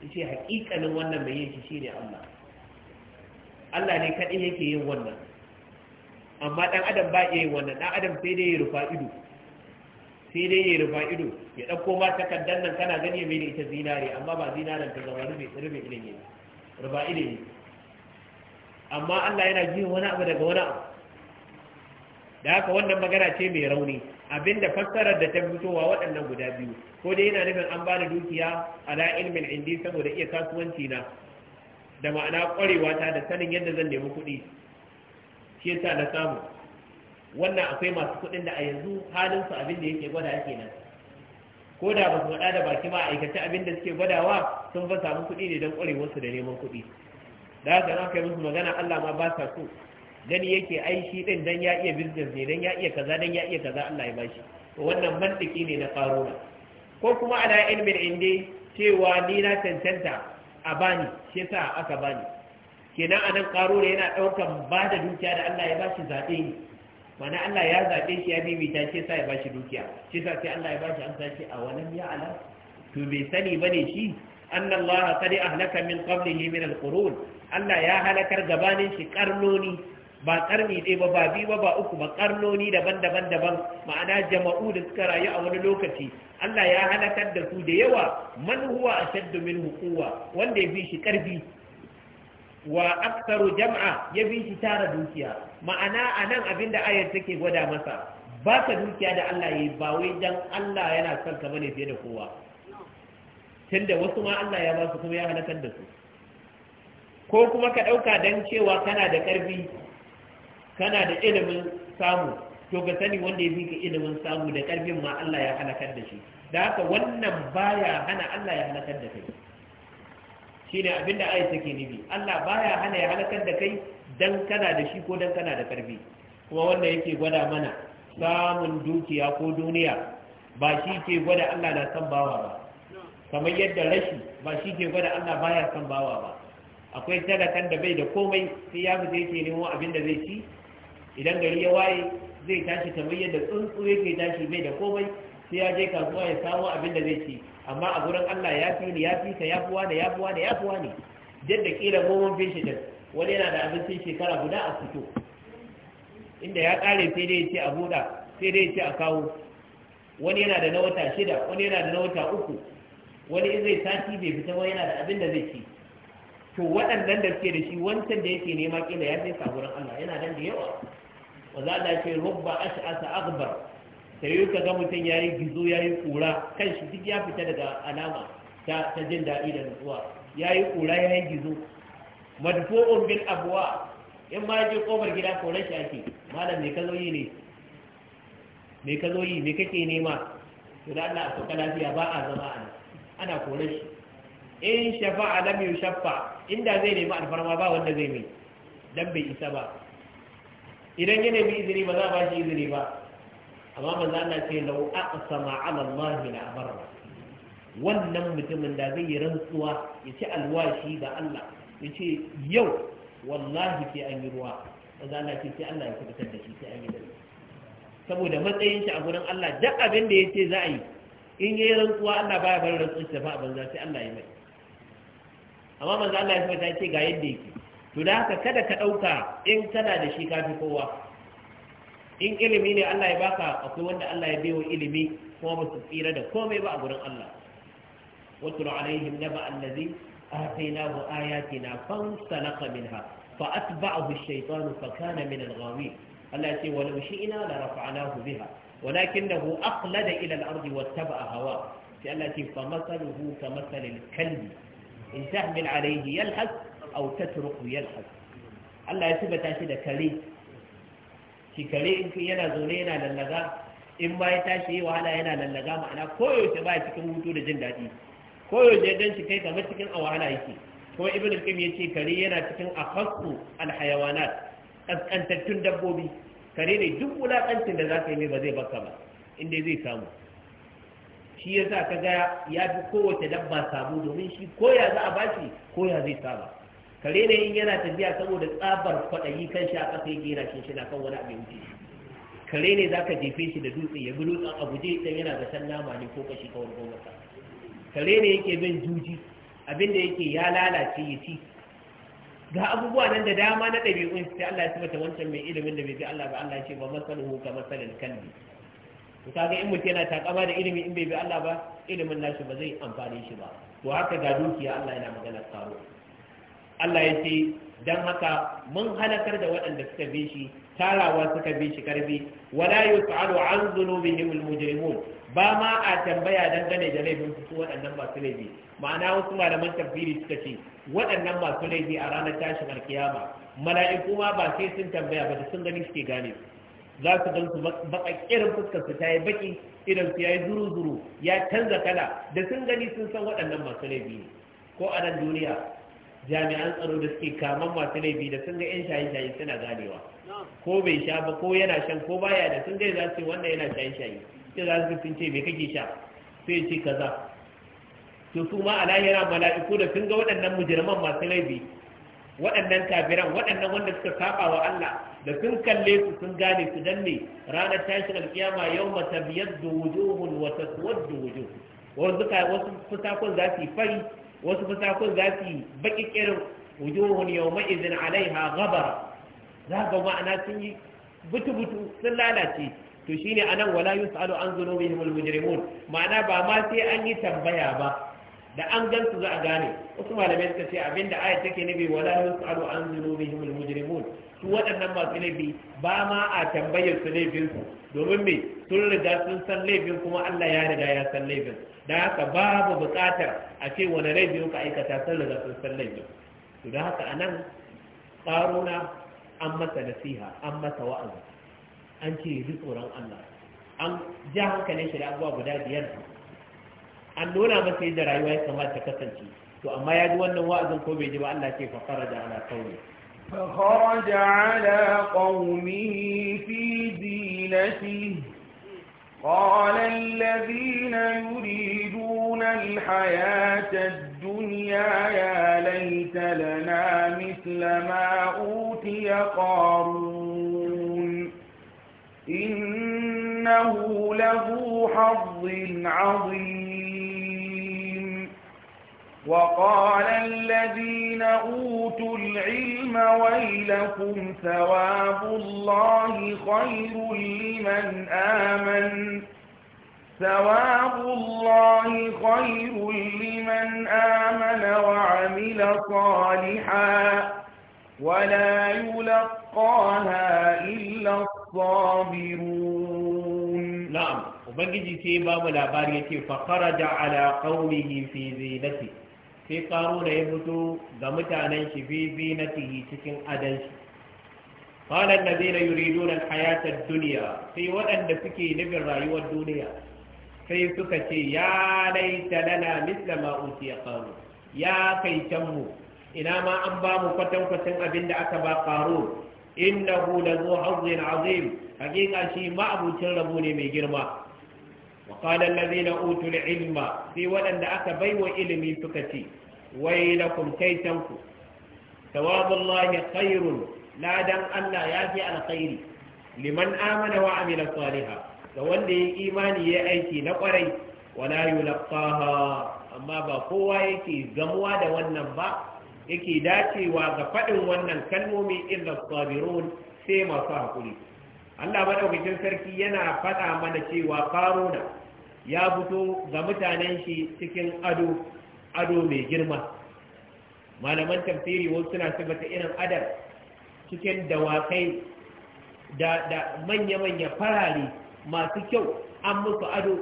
yace hakikanin wannan mai yin shi shine Allah Allah ne kadai yake yin wannan amma dan adam ba iya yin wannan dan adam sai dai ya rufa ido sai dai ya rufa ido ya dauko ma takaddan nan kana gani mai da ita zinare amma ba zinaren ta zama rube rube ilimi ne riba ilimi amma Allah yana jiya wani abu daga wani abu da haka wannan magana ce mai rauni abinda fassarar da ta fitowa waɗannan guda biyu ko dai yana nufin an bani dukiya ala ilmin indi saboda iya kasuwanci na da ma'ana ƙwarewa ta da sanin yadda zan nemi kuɗi shi yasa na samu wannan akwai masu kuɗin da a yanzu halin su abin da yake gwada kenan ko da ba su faɗa da baki ma aikace abin da suke gwadawa sun fa samu kuɗi ne don su da neman kuɗi da haka na kai musu magana Allah ma ba sa so gani yake ai shi din dan ya iya business ne dan ya iya kaza dan ya iya kaza Allah ya bashi wannan mantiki ne na karuna ko kuma ala ilmin inde cewa ni na tantanta a bani shi yasa aka bani kenan anan karuna yana daukan ba da dukiya da Allah ya bashi zabe ne Wani Allah ya zaɓe shi ya bibita ce sa ya bashi dukiya shi sa sai Allah ya bashi amsa ce a wani ya ala to bai sani bane shi anna Allah qad ahlaka min qablihi min al Allah ya halakar gabanin shi karnoni ba karni dai ba ba biyu ba ba uku ba karnoni daban-daban daban ma'ana jama'u da suka rayu a wani lokaci Allah ya halakar da su da yawa man huwa ashaddu minhu quwwa wanda ya fi shi karfi wa aktaru jam'a ya bi tara dukiya ma'ana a nan abinda ayar take gwada masa ba ka dukiya da Allah ya yi ba wai dan Allah yana son ka bane fiye da kowa tunda wasu ma Allah ya ba su kuma ya halakar da su ko kuma ka ɗauka dan cewa kana da ƙarfi kana da ilimin samu to ka sani wanda ya fi ka ilimin samu da ƙarfin ma Allah ya halakar da shi da haka wannan baya hana Allah ya halakar da kai shine abinda ayat take nufi Allah baya hana ya halakar da kai dan kana da shi ko dan kana da karfi kuma wanda yake gwada mana samun dukiya ko duniya ba shi ke gwada Allah na san bawa ba kamar yadda rashi ba shi ke gwada Allah baya san bawa ba akwai talakan da bai da komai sai ya fita yake nemo abin da zai ci idan gari ya waye zai tashi kamar yadda tsuntsu yake tashi bai da komai sai ya je kasuwa ya samo abin da zai ci amma a gurin Allah ya fi ni ya fi ka ya fi wani ya fi wani ya fi wani jadda kila goman fi shi wani yana da abincin shekara guda a fito inda ya kare sai dai ce a buɗa sai dai ce a kawo wani yana da na wata shida wani yana da na wata uku wani in zai sati bai fita wani yana da abin da zai ci to waɗannan da suke da shi wancan da yake nema kila ya ka gurin Allah yana dan da yawa wa za a ce rubba ash'asa akbar ta yi ka ga mutum ya yi gizo ya yi kura kan shi duk ya fita daga alama ta jin daɗi da nutsuwa ya yi kura ya yi gizo madufo bil abuwa in ma je kofar gida koran shi ake malam me kazo yi ne me kazo yi me kake nema to da Allah a sauka lafiya ba a zama ana ana koran shi in shafa'a lam yushaffa inda zai nemi alfarma ba wanda zai mai dan bai isa ba idan ya nemi izini ba za a ba shi izini ba amma manzo Allah ce law aqsama ala Allah la abara wannan mutumin da zai yi rantsuwa ya ce alwashi ga Allah ya ce yau wallahi sai an yi ruwa manzo Allah ce sai Allah ya kubutar da shi sai an yi dare saboda matsayin shi a gurin Allah duk abin da ce za a yi in yi rantsuwa Allah baya bar rantsuwa ta fa banza sai Allah ya mai amma manzo Allah ya ce ga yadda yake to da haka kada ka dauka in kana da shi kafi kowa in ilimi ne Allah ya baka akwai wanda Allah ya biyo ilimi kuma ba su tsira da komai ba a gurin Allah watul alaihim naba allazi atainahu ayatina fansalaka minha fa atba'ahu ash-shaytanu fa kana min al-ghawi Allah ya ce walau shi'na la rafa'nahu biha walakinahu aqlada ila al-ardi wattaba'a hawa sai Allah ya ce fa masaluhu ka masalil kalbi in tahmil alayhi yalhas aw tatruku yalhas Allah ya tubata shi da kare shi kare in yana zaune yana lallaga in bai ya tashi yi wahala yana lallaga ma'ana koyaushe ba cikin hutu da jin daɗi koyaushe dan shi kai kamar cikin a wahala yake ko ibnu kim ya ce kare yana cikin akhasu al-hayawanat kaskantattun dabbobi kare ne duk wulakancin da za ka yi mai ba zai baka ba inda zai samu shi yasa kaga ya fi kowace dabba samu domin shi koya za a bashi koya zai saba kare ne in yana tafiya saboda tsabar kwaɗayi kan shi a ƙasa yake yana shin shi na kan wani abin kare ne za ka jefe shi da dutse ya bi dutsen a guje idan yana zaton nama ne ko kashi kawar goma kare ne yake bin juji abin da yake ya lalace ya ci ga abubuwa nan da dama na ɗabi'un sai Allah ya tabbata wancan mai ilimin da bai bi Allah ba Allah ya ce ba masaluhu ka masalan kalbi to kaga in mutum yana takama da ilimi in bai bi Allah ba ilimin nashi ba zai amfane shi ba to haka ga dukiya Allah yana magana tsaro Allah ya ce don haka mun halakar da waɗanda suka bi shi tarawa suka bi shi karfi wala yus'alu an dhunubihim almujrimun ba ma a tambaya dangane da laifin su waɗannan masu laifi ma'ana wasu malaman tafsiri suka ce waɗannan masu laifi a ranar tashin alkiyama mala'iku ma ba sai sun tambaya ba da sun gani suke gane su za su gan su kirin fuskar su ta yi baki idan su yayi zuru zuru ya canza kala da sun gani sun san waɗannan masu laifi ko a nan duniya jami'an tsaro da suke kaman masu laifi da sun ga yan shaye-shaye suna ganewa ko bai sha ba ko yana shan ko baya da sun dai za su wanda yana shaye-shaye sai za su sun ce me kake sha sai ce kaza to su ma a lahira mala'iku da sun ga waɗannan mujirman masu laifi waɗannan kafiran waɗannan wanda suka saba wa Allah da sun kalle su sun gane su danne ranar tashin alkiyama yau mata biyar da wujuhun wata suwar da wujuh wasu fusakon za su yi fari wasu fasakun za su yi baki kirin wujuhun yawma izin alaiha gabara za ga ma'ana sun yi butu-butu sun lalace to shine anan wala yus'alu an dhunubihim al-mujrimun ma'ana ba ma sai an yi tambaya ba da an gansu za a gane wasu malamai suka ce abinda ayat take nabi wala yus'alu an dhunubihim al-mujrimun su waɗannan masu laifi ba ma a tambayar su laifinsu domin me sun riga sun san laifin kuma Allah ya riga ya san laifin da haka babu buƙatar a ce wani laifi ka aikata sun riga sun san laifin to da haka anan ƙaruna an masa nasiha an masa wa'azi an ce yi tsoron Allah an ja hankalin shi da abubuwa guda biyar an nuna masa yadda rayuwa ya kamata ta kasance to amma ya ji wannan wa'azin ko bai ji ba Allah ce fa faraja ala qawli فخرج على قومه في زينته قال الذين يريدون الحياة الدنيا يا ليت لنا مثل ما أوتي قارون إنه له حظ عظيم وقال الذين أوتوا العلم ويلكم ثواب الله خير لمن آمن ثواب الله خير لمن آمن وعمل صالحا ولا يلقاها إلا الصابرون نعم وبنجي سيبا ولا باريتي فخرج على قومه في زينته sai ƙaro da ya mutu ga mutanen shi bibi na tihi cikin adan shi kwanan da zai na yurido na hayatar duniya sai waɗanda suke nufin rayuwar duniya sai suka ce ya laita lana misla ma utiya ya kai can mu ina ma an ba mu kwatankwacin abin da aka ba ƙaro innahu la zu hazzin azim hakika shi ma'abucin rabu ne mai girma وقال الذين أوتوا العلم في aka baiwa ilimi suka فكتي Wai na wailakum tawabin lahi khairun ladan Allah ya fi alkhairi liman amana wa amila Saliha. ga wanda ya imani ya aiki na kwarai wala yulaqaha amma ba kowa yake gamuwa da wannan ba yake dacewa ga faɗin wannan kalmomi illa sabirun sai masu hakuri Allah madaukakin sarki yana faɗa mana cewa karuna ya fito ga mutanen shi cikin ado ado mai girma malaman tafsiri wasu suna sifata irin adar cikin dawakai da manya-manya farare masu kyau an musu ado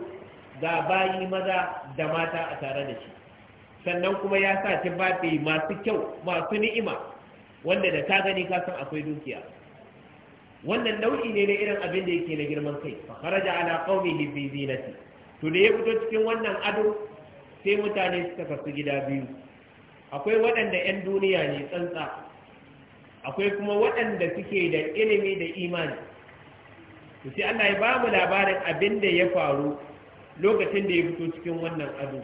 ga bayi maza da mata a tare da shi sannan kuma ya sa bafe masu kyau masu ni'ima wanda da ka gani ka akwai dukiya wannan nau'i ne na irin abin da yake na girman kai fa kharaja ala qaumi na zinati to da ya fito cikin wannan ado sai mutane suka kasu gida biyu akwai waɗanda 'yan duniya ne tsantsa akwai kuma waɗanda suke da ilimi da imani to sai Allah ya ba mu labarin abin da ya faru lokacin da ya fito cikin wannan ado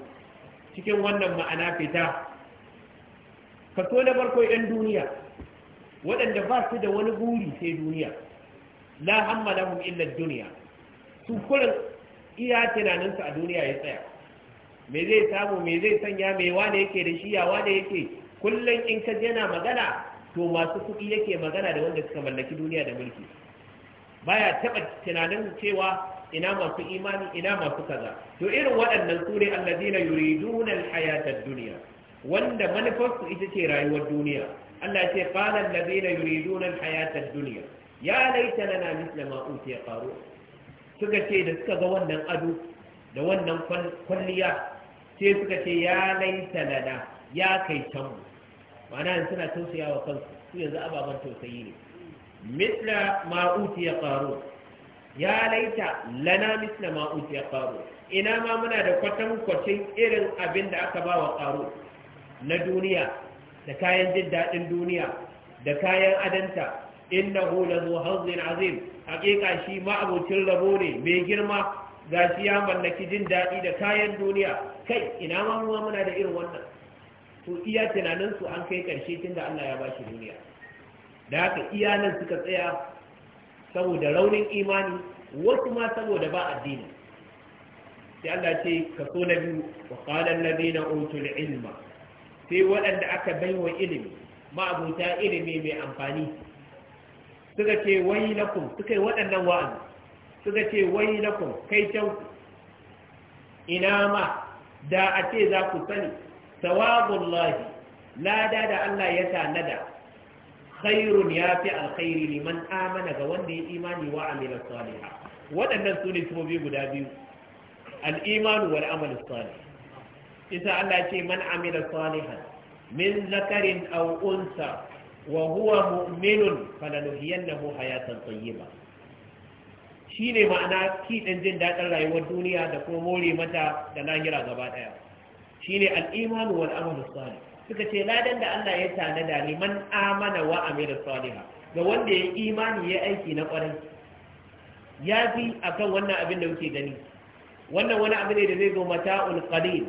cikin wannan ma'ana fita kaso na farko 'yan duniya waɗanda ba su da wani buri sai duniya la hamma lahum illa duniya su kurin iya tunaninsu a duniya ya tsaya me zai samu me zai sanya me wane yake da shi ya wane yake kullum in ka yana magana to masu kuɗi yake magana da wanda suka mallaki duniya da mulki baya taba tunanin cewa ina masu imani ina masu kaza to irin waɗannan su ne allazina yuriduna ad dunya wanda manufarsu ita ce rayuwar duniya Allah ya ce qala allazina yuriduna ad dunya ya laita lana mithla ma utiya qaru suka ce da suka ga wannan ado da wannan kwalliya sai suka ce ya laita lana ya kai can ma'ana suna tausaya wa kansu su yanzu ababen tausayi ne mitla ma'uti ya ƙaro ya laita lana mitla ma'uti ya ƙaro ina ma muna da kwatankwacin irin abin da aka ba wa ƙaro na duniya da kayan jin duniya da kayan adanta innahu lazu hazin azim haƙiƙa shi ma abocin rabo ne mai girma ga shi ya mallaki jin daɗi da kayan duniya kai ina ma ruwa muna da irin wannan to iya tunanin su an kai ƙarshe tun da Allah ya ba shi duniya da haka iya nan suka tsaya saboda raunin imani wasu ma saboda ba addini sai Allah ce kaso na biyu wa qala alladhina utul ilma sai waɗanda aka baiwa ilimi ma'abuta ilimi mai amfani suka ce wai lakum suka yi waɗannan wa'azi suka ce wai lakum kai can ina ma da a ce za ku sani sawabullahi lada da Allah ya tanada khairun ya fi alkhairi liman amana ga wanda ya imani wa amila salihah waɗannan su ne sifofi guda biyu al-imanu wal amal salih isa Allah ce man amila salihan min zakarin aw unsa wa huwa mu'minun falanuhiyannahu hayatan tayyiba shine ma'ana kiɗin jin daɗin rayuwar duniya da kuma more mata da lahira gaba ɗaya Shi ne imanu wal amalu salih suka ce ladan da Allah ya tanada liman amana wa amila Saliha, ga wanda ya imani ya aiki na kwarai ya fi akan wannan abin da kuke gani wannan wani abu ne da zai zo mata qalil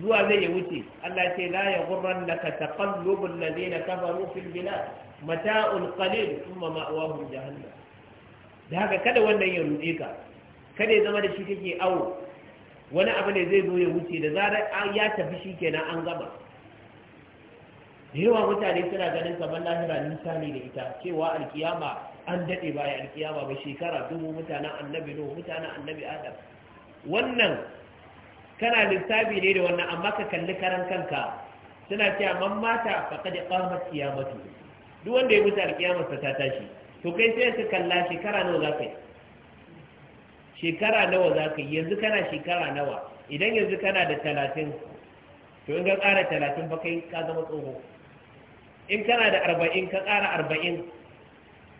zuwa zai ya wuce Allah ce la ya gurran da ka taqallubul ladina kafaru fil bilad mata'ul qalil thumma ma'wahum jahannam da haka kada wannan ya ruɗe ka kada ya zama da shi kake awo wani abu ne zai zo ya wuce da zarar ya tafi shi kenan an gama da yawa mutane suna ganin kamar lahira nisa ne da ita cewa alkiyama an daɗe ya alkiyama ba shekara dubu mutanen annabi no mutanen annabi adam wannan kana lissafi ne da wannan amma ka kalli karan kanka suna cewa man mata faqad qamat kiyamatu duk wanda ya mutu alkiyamar ta tashi to kai sai ka kalla shekara nawa za ka yi shekara nawa za ka yi yanzu kana shekara nawa idan yanzu kana da talatin to in ka ƙara talatin ba kai ka zama tsoho in kana da arba'in ka ƙara arba'in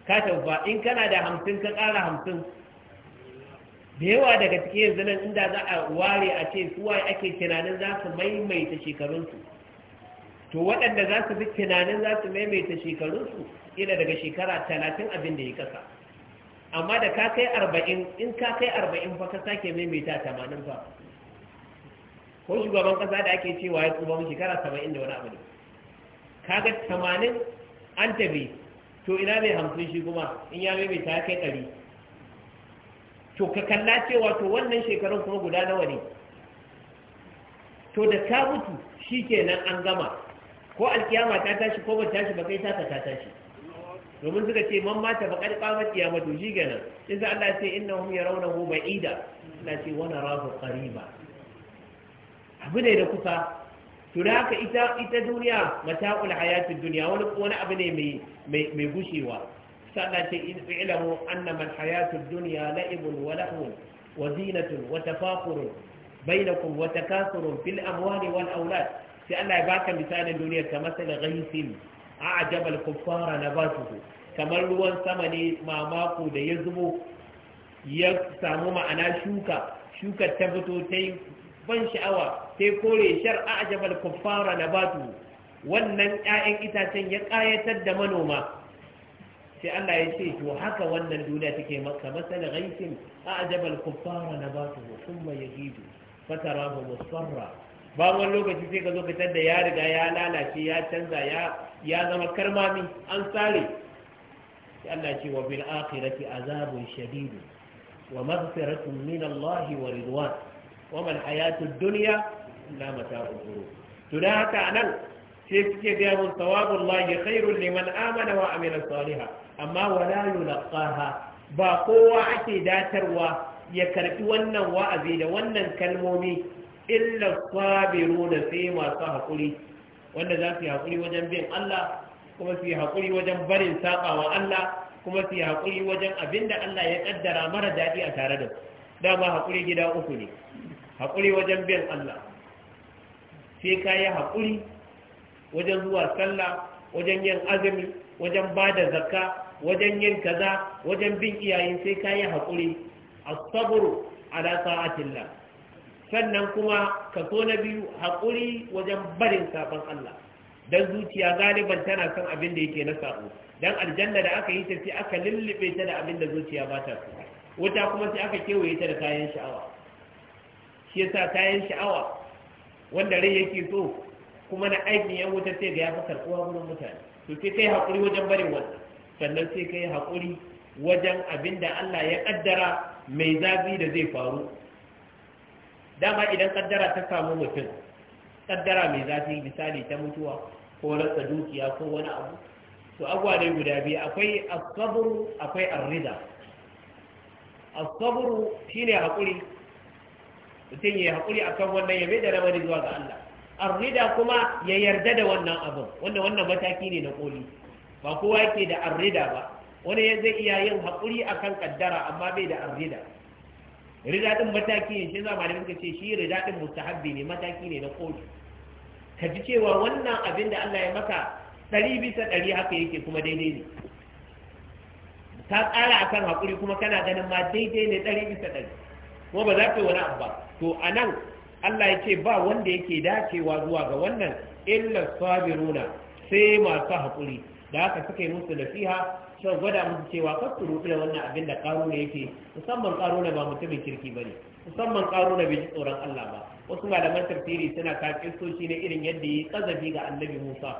ka tabba in kana da hamsin ka ƙara hamsin da yawa daga cikin yanzu nan inda za a ware a ce suwa ake tunanin za su maimaita shekarunsu to waɗanda za su bi tunanin za su maimaita shekarunsu yana daga shekara talatin abin da ya kasa amma da ka kai arba'in in ka kai arba'in fa ka sake maimaita tamanin fa ko shugaban kasa da ake cewa ya tsuba mu shekara saba'in da wani abu ne Ka ga tamanin an tabi to ina mai hamsin shi kuma in ya maimaita ya kai ɗari to ka kalla cewa to wannan shekarun kuma guda nawa ne to da ta mutu shi kenan an gama ko alkiyama ta tashi ko ba tashi ba kai ta ta tashi domin suka ce man mata fa qad qamat qiyamatu shi kenan sai Allah ya ce innahum yarawnahu ba'ida Allah ce wa narahu qariba abu ne da kusa to da haka ita ita duniya mata'ul hayatid dunya wani wani abu ne mai mai gushewa sai Allah ce in fi'lamu annama al-hayatud dunya la'ibun wa lahwun wa zinatun wa tafaqurun bainakum wa takasurun fil amwali wal aulad sai Allah ya baka misalin duniyar kamar sai da ghaisin a'jaba al-kuffara nabatuhu kamar ruwan sama ne mamako da ya zubo ya samu ma'ana shuka shuka ta fito ta yi ban sha'awa ta kore shar a'jaba al-kuffara nabatuhu wannan 'ya'yan itacen ya ƙayatar da manoma sai Allah ya ce to haka wannan duniya take maka masal ghaisin a'jaba al-kuffara nabatuhu thumma yahidu fatarahu musfarra ba wani lokaci sai ka zo fitar da ya riga ya lalace ya canza ya ya zama karmami an sare sai Allah ce wa bil akhirati azabun shadid wa maghfiratun min Allah wa ridwan wa man hayatud dunya illa mata'ul ghurur to da haka anan sai suke ga mun liman amana wa amila salihah amma wala yulqaha ba kowa ake datarwa ya karfi wannan wa'azi da wannan kalmomi illa sabiruna sai masu hakuri wanda za su yi haƙuri wajen bin Allah kuma su yi haƙuri wajen barin saƙawa Allah kuma su yi haƙuri wajen abin da Allah ya ƙaddara mara daɗi a tare da su dama haƙuri gida uku ne haƙuri wajen bin Allah sai ka yi haƙuri wajen zuwa sallah wajen yin azumi wajen ba da zakka wajen yin kaza wajen bin iyayen sai ka yi haƙuri a saburu ala sa'atillah sannan kuma kaso na biyu haƙuri wajen barin sabon Allah Don zuciya galiban tana son abin da yake na sabo Don aljanna da aka yi ta sai aka lullube ta da abin da zuciya ba ta so wuta kuma sai aka kewaye ta da kayan sha'awa shi yasa kayan sha'awa wanda rai yake so kuma na aikin yan wuta sai ga ya fi karɓuwa wurin mutane to sai kai haƙuri wajen barin wannan sannan sai kai haƙuri wajen abin da Allah ya ƙaddara mai zafi da zai faru dama idan kaddara ta samu mutum kaddara mai zafi misali ta mutuwa ko rasa dukiya ko wani abu to abuwa guda biyu akwai asabru akwai arrida shi shine hakuri mutum ya hakuri akan wannan ya da ramari zuwa ga Allah arrida kuma ya yarda da wannan abin wanda wannan mataki ne na koli ba kowa yake da arrida ba wani zai iya yin hakuri akan kaddara amma bai da arrida rida din mataki ne shi za da muka ce shi rida din mustahabbi ne mataki ne na koli ka ji cewa wannan abin da Allah ya maka ɗari bisa ɗari haka yake kuma daidai ne ka ƙara kan haƙuri kuma kana ganin ma daidai ne ɗari bisa ɗari kuma ba za ka wani abu ba to a nan Allah ya ce ba wanda yake dacewa zuwa ga wannan illa sabiruna sai masu haƙuri da haka suka yi musu nasiha cewa gwada musu cewa kar su rufe wannan abin da ne yake musamman karuna ba mutumin kirki ba ne musamman karuna bai ji tsoron Allah ba wasu malaman tafsiri suna ka shi ne irin yadda yi kazafi ga annabi Musa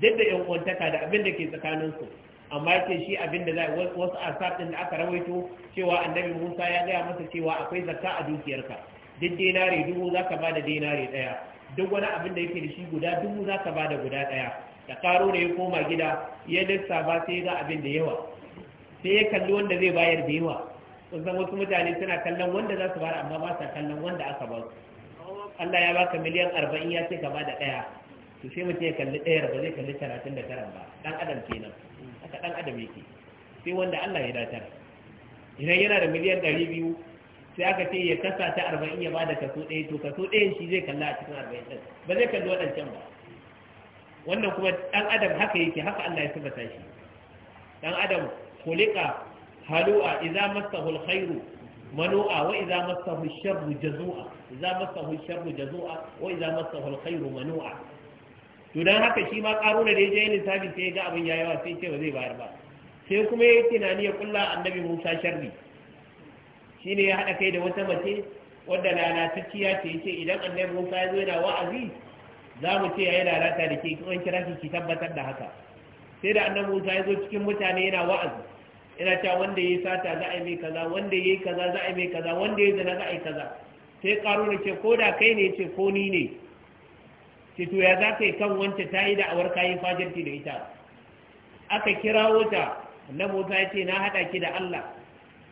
duk da yan uwantaka da abin da ke tsakanin su, amma yake shi abin da za wasu asabin da aka rawaito cewa annabi Musa ya gaya masa cewa akwai zakka a dukiyarka duk dinari dubu za ka bada dinari daya duk wani abin da yake da shi guda dubu za ka bada guda ɗaya da karo ne ya koma gida ya lissa ba sai ga abin da yawa sai ya kalli wanda zai bayar da yawa kun san wasu mutane suna kallon wanda za su bayar amma ba sa kallon wanda aka ba Allah ya baka miliyan arba'in ya ce ka ba da ɗaya to sai mutum ya kalli ɗaya ba zai kalli talatin da tara ba ɗan adam kenan haka ɗan adam yake sai wanda Allah ya datar idan yana da miliyan ɗari biyu sai aka ce ya kasa ta arba'in ya bada kaso ɗaya to kaso ɗayan shi zai kalla a cikin arba'in ɗin ba zai kalli waɗancan ba wannan kuma dan adam haka yake haka Allah ya tabbata shi dan adam khuliqa halu'a idza massahu alkhairu manu'a wa idza massahu sharru jazua idza massahu sharru jazua wa idza massahu alkhairu manu'a to dan haka shi ma karuna da yaje yin lissafi sai ga abin yayi wa sai ce ba zai bayar ba sai kuma yake tunani ya kulla annabi Musa sharri shine ya hada kai da wata mace wadda lalatacciya ce yace idan annabi Musa ya zo yana wa'azi za mu ce yayi lalata da ke kin kira shi ki tabbatar da haka sai da annabi Musa ya zo cikin mutane yana wa'azi yana cewa wanda yayi sata za a yi mai kaza wanda yayi kaza za a yi mai kaza wanda yayi zina za a yi kaza sai karo ne ce ko da kai ne ce ko ni ne ce to ya za ka yi kan wancan ta yi da awar kayan fajirci da ita aka kirawo ta annabi Musa ya ce na hada ki da Allah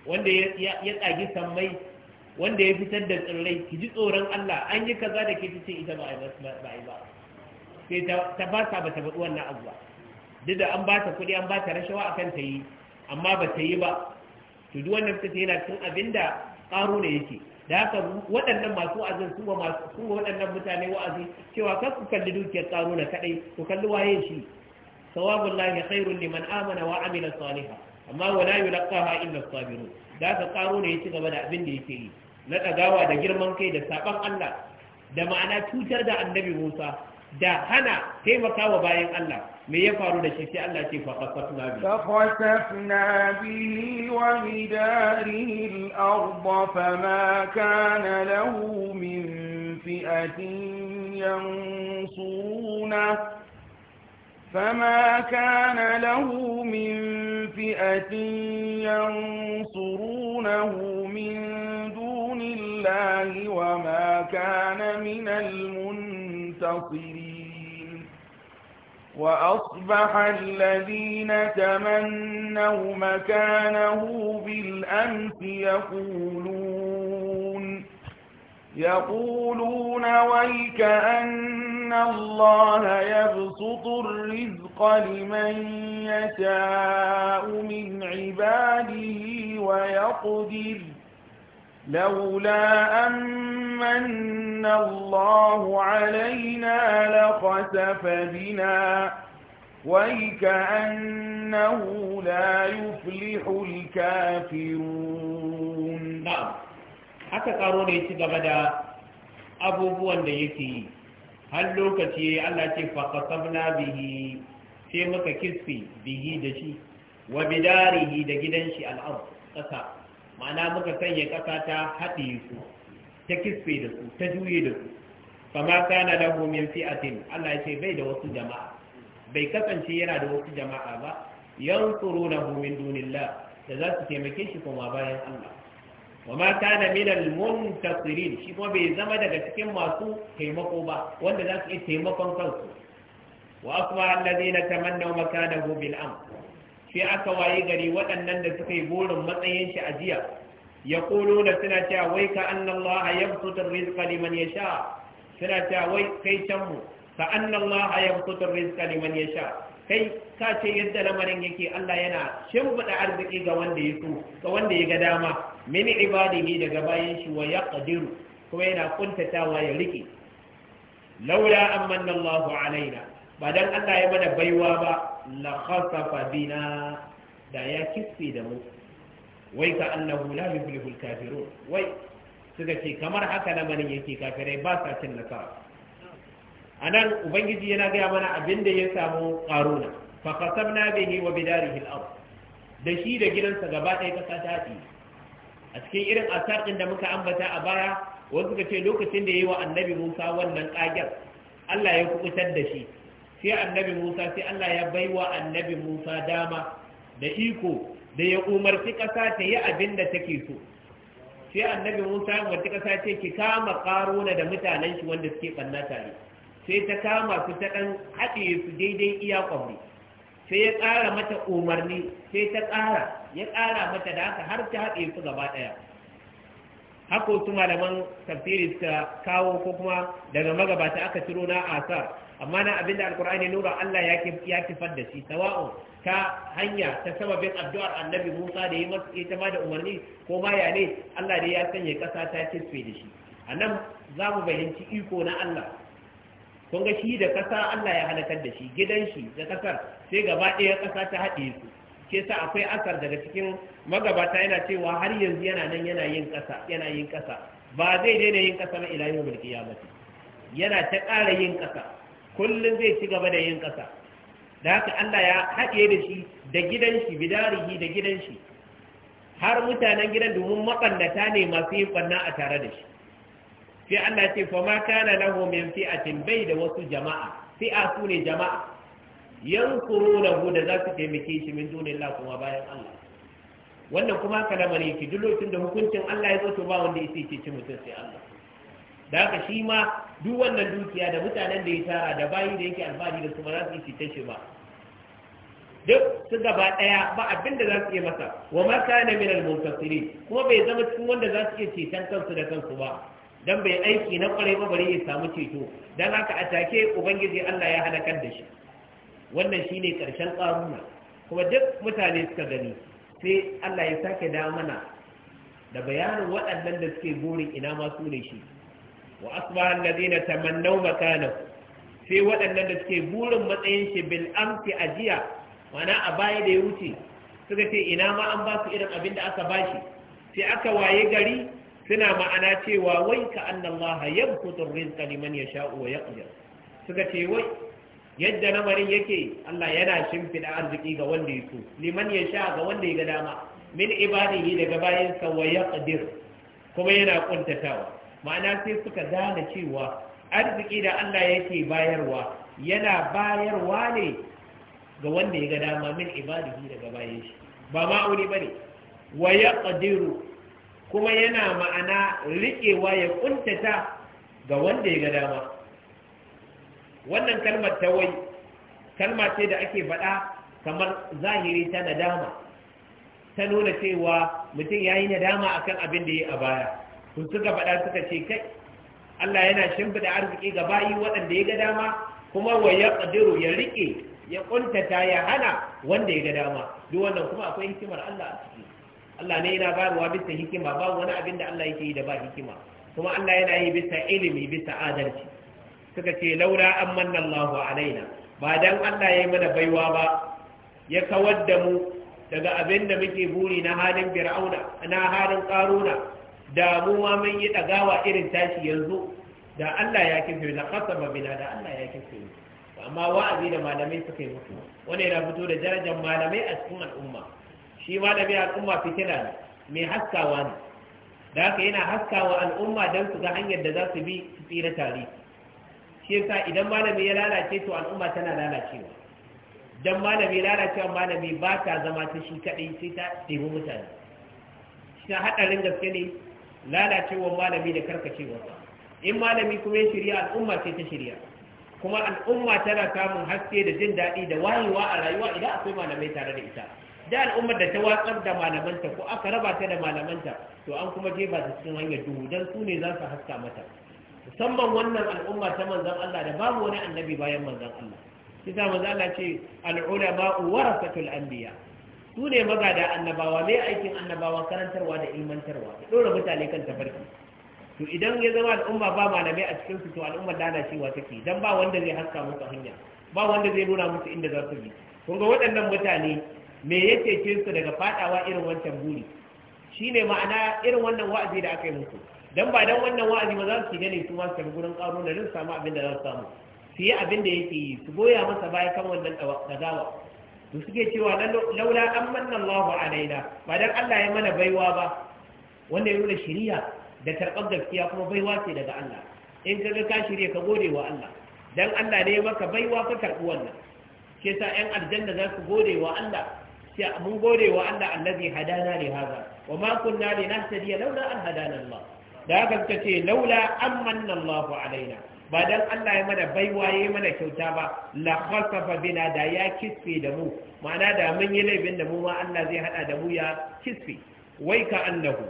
wanda ya tsagi sammai wanda ya fitar da tsirrai ki ji tsoron Allah an yi kaza da ke ce ita ba a yi ba sai ta fasa ba ta faɗi wannan ba duk da an ba ta kuɗi an ba ta rashawa akan ta yi amma ba ta yi ba to duk wannan fita yana cin abin da ƙaro ne yake da haka waɗannan masu wa'azin su ga waɗannan mutane wa'azi cewa kar ku kalli dukiyar ƙaro na kaɗai ku kalli waye shi sawabun lahi khairun liman amana wa amila salihah amma wala yulqaha illa sabirun da aka karo ne ya ci gaba da abin da yake yi na gawa da girman kai da saɓan Allah da ma'ana cutar da annabi Musa da hana taimakawa bayan Allah me ya faru da shi sai Allah ce fa na bi fa qasafna bi wa midarihi al-ard ma kana lahu min fi'atin yansuna فما كان له من فئة ينصرونه من دون الله وما كان من المنتصرين وأصبح الذين تمنوا مكانه بالأمس يقولون يقولون ويك أن إِنَّ اللَّهَ يَبْسُطُ الرِّزْقَ لِمَن يَشَاءُ مِنْ عِبَادِهِ وَيَقْدِرُ لَوْلَا أَمَّنَّ اللَّهُ عَلَيْنَا لَخَسَفَ بِنَا وَيْكَأَنَّهُ لَا يُفْلِحُ الْكَافِرُونَ نعم حتى karo da أبو ci har lokaci Allah ce faƙasabna bihi sai muka kisfi bihi da shi wa bidarihi da gidan shi al'ar ƙasa. ma'ana muka sanya kasa ta haɗe su ta kisfe da su ta juye da su fama kana lahu min fi'atin Allah ce bai da wasu jama'a bai kasance yana da wasu jama'a ba Yan tsoro na min dunillah da za su taimake shi kuma bayan Allah wa ma kana min al-muntasirin shi kuma bai zama daga cikin masu taimako ba wanda za su yi taimakon kansu wa asma alladhina tamannaw makanahu bil am shi aka waye gari waɗannan da suka yi burin matsayin shi a jiya yaquluna suna cewa wai ka annallaha yabsutu ar-rizqa liman yasha suna cewa wai kai can mu ka annallaha yabsutu ar-rizqa liman yasha kai ka ce yadda lamarin yake Allah yana shimfiɗa arziki ga wanda ya so ga wanda ya ga dama min ibadihi daga bayan shi wa yaqdiru kuma yana kuntatawa ya rike laula amanna Allahu alaina ba dan Allah ya mana baiwa ba la khasafa bina da ya kisfe da mu wai ka annahu la yuflihu kafirun wai suka ce kamar haka lamarin yake kafirai ba sa cin nasara anan ubangiji yana gaya mana abin da ya samu karuna fa bai bihi wa bidarihi al-ard da shi da gidansa gaba ɗaya kasa ta haɗi a cikin irin asarin da muka ambata a baya wasu suka lokacin da ya yi wa annabi Musa wannan kagar Allah ya kubutar da shi sai annabi Musa sai Allah ya bai wa annabi Musa dama da iko da ya umarci ƙasa ta yi abin da take so sai annabi Musa ya umarci ƙasa ce ki kama ƙaruna da mutanen shi wanda suke ɓanna tare sai ta kama su ta ɗan haɗe su daidai iya ƙwabri sai ya ƙara mata umarni sai ta ƙara ya ƙara mata da haka har ta haɗe su gaba ɗaya hako su malaman tafsiri suka kawo ko kuma daga magabata aka ciro na asar amma na abin da alkur'ani nura Allah ya kifar da shi Sawa'u ta hanya ta sababin addu'ar annabi Musa da yi masa ita ma da umarni ko ma ya ne Allah da ya sanya ƙasa ta kisfe da shi a nan za mu bayyanci iko na Allah kun ga shi da kasa Allah ya halakar da shi gidan shi da kasar sai gaba ɗaya kasa ta haɗe su ke sa akwai asar daga cikin magabata yana cewa har yanzu yana nan yana yin kasa yana yin kasa ba zai daina yin kasa ba ila yau ya yamati yana ta ƙara yin kasa kullum zai ci gaba da yin ƙasa. da haka Allah ya haɗe da shi da gidan shi bidarihi da gidan shi har mutanen gidan domin maƙannata ne masu yin ɓanna a tare da shi sai Allah ce fa ma kana lahu min fi'atin bai da wasu jama'a fi'a su ne jama'a hu da za su taimake shi min Allah kuma bayan Allah wannan kuma haka lamari ki duk lokacin da hukuncin Allah ya zo to ba wanda yake ce mutum sai Allah da haka shi ma duk wannan dukiya da mutanen da ya tara da bayi da yake alfahari da kuma za su yi ta shi ba duk su gaba daya ba abin da za su iya masa wa ma kana min al kuma bai zama cikin wanda za su iya ceton kansu da kansu ba dan bai aiki na kwarai ba bari ya samu ceto dan haka a take ubangiji Allah ya halakar da shi wannan shine karshen karuna kuma duk mutane suka gani sai Allah ya sake da mana da bayanin waɗannan da suke burin ina ma su ne shi wa asbaha alladhina tamannaw makana sai waɗannan da suke burin matsayin shi bil amsi ajiya mana a baya da ya wuce suka ce ina ma an ba su irin abin da aka bashi sai aka waye gari suna ma'ana cewa wai ka annallaha yabkutu rizqa liman yasha'u wa yaqdir suka ce wai yadda namarin yake Allah yana shimfida arziki ga wanda ya so liman ya sha ga wanda ya ga dama min ibadihi daga bayansa wa yaqdir kuma yana ƙuntatawa. ma'ana sai suka gane cewa arziki da Allah yake bayarwa yana bayarwa ne ga wanda ya ga dama min ibadihi daga bayan shi ba ma'auni bane wa yaqdiru kuma yana ma'ana riƙewa ya ƙuntata ga wanda ya ga dama wannan kalmar tawai kalmar ce da ake faɗa kamar zahiri ta nadama ta nuna cewa mutum ya yi nadama a kan abin da ya yi a baya sun suka faɗa suka ce kai Allah yana shimfida arziki ga bayi waɗanda ya ga dama kuma wa ya ƙadiru ya riƙe ya ƙuntata ya hana wanda ya ga dama duk wannan kuma akwai hikimar Allah a ciki Allah ne yana bayarwa bisa hikima Ba wani abin da Allah yake yi da ba hikima kuma Allah yana yi bisa ilimi bisa adalci suka ce laura an manna Allahu alaina ba dan Allah yayi mana baiwa ba ya kawar da mu daga abin da muke buri na halin fir'auna na halin da mu ma mun yi dagawa irin tashi yanzu da Allah ya kike da qasaba bina da Allah ya kike amma wa'azi da malamai suka yi mutu wani yana fito da darajar malamai a cikin al'umma shi malami al'umma fitina ne mai haskawa ne da haka yana haskawa al'umma don su ga hanyar da za su bi su tsira tare shi yasa idan malami ya lalace to al'umma tana lalacewa dan malami lalacewa malami ba ta zama ta shi kadai sai ta taimu mutane shi haɗarin gaske ne lalacewar malami da karkacewa in malami kuma ya shirya al'umma ce ta shirya kuma al'umma tana samun haske da jin daɗi da wayewa a rayuwa idan akwai malamai tare da ita da al'ummar da ta watsar da malamanta ko aka raba ta da malamanta to an kuma jefa ta cikin hanyar duhu dan su ne za su haska mata musamman wannan al'umma ta manzon Allah da babu wani annabi bayan manzon Allah kisa manzon Allah ce al-ulama warasatul anbiya su ne magada annabawa mai aikin annabawa karantarwa da ilmantarwa da dora mutane kan tabarki to idan ya zama al'umma ba malamai a cikin su to al'ummar lalacewa take dan ba wanda zai haska musu hanya ba wanda zai nuna musu inda za su bi kun ga waɗannan mutane me ya cece su daga fadawa irin wancan buri Shi ne ma'ana irin wannan wa'azi da aka yi musu Don ba don wannan wa'azi ba za su gane su ma su gurin karo da rin samu abin da za su samu su yi abin da yake yi su goya masa baya kan wannan dazawa su suke cewa laula an manna a daina. ba don Allah ya mana baiwa ba wanda ya nuna shiriya da karɓar gaskiya kuma baiwa ce daga Allah in ka ga ka shirya ka gode wa Allah dan Allah ne maka baiwa ka karɓi wannan ke sa 'yan aljanna za su gode wa Allah sai mun gode wa Allah allazi hadana li hada wa ma kunna linahtadiya laula an hadana Allah da haka suka ce laula amanna Allah alaina ba dan Allah ya mana baiwa ya mana kyauta ba la khasafa bina da ya kisfe da mu ma'ana da mun yi laifin da mu ma Allah zai hada da mu ya kisfe wai ka annahu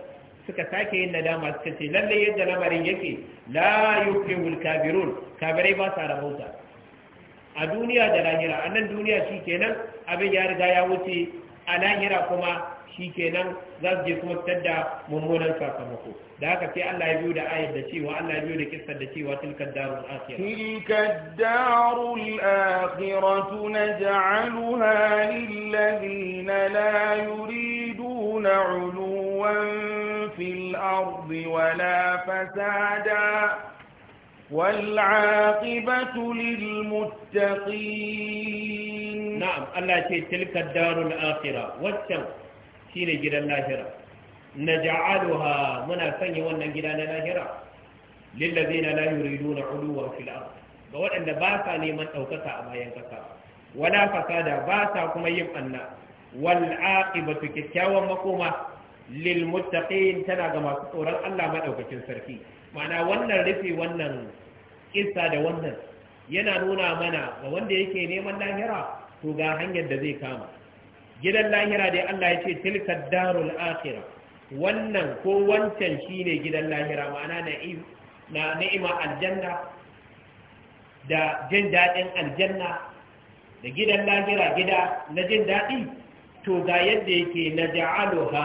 suka sake yin nadama suka ce lalle yadda lamarin yake la yuflihul kafirun kafirai ba sa rabauta a duniya da lahira a nan duniya shi kenan abin ya riga ya wuce a lahira kuma shi kenan za su je kuma fitar da mummunan sakamako da haka sai Allah ya biyo da ayar da cewa Allah ya biyo da kissar da cewa tilka darul akhirah tilka darul akhirah naj'aluha lil ladina la yuriduna uluwan fil ardi wala fasada والعاقبة للمتقين نعم الله تلك الدار الآخرة والسم شين جدا اللاهرة نجعلها منافني وانا جدا اللاهرة للذين لا يريدون علوا في الأرض فوأن باسا لمن أوكسا أما ينكسا ولا فسادا باسا كما يمأنا والعاقبة كتاوى مقومة للمتقين تناغ ما سطورا الله ما أوكسا سركي معنى وانا رفي وانا kissa da wannan yana nuna mana ga wanda yake neman lahira to ga hanyar da zai kama gidan lahira dai Allah ya ce tilka darul akhirah wannan ko wancan shine gidan lahira ma'ana na na ni'ima aljanna da jin dadin aljanna da gidan lahira gida na jin dadi, to ga yadda yake na ja'aluha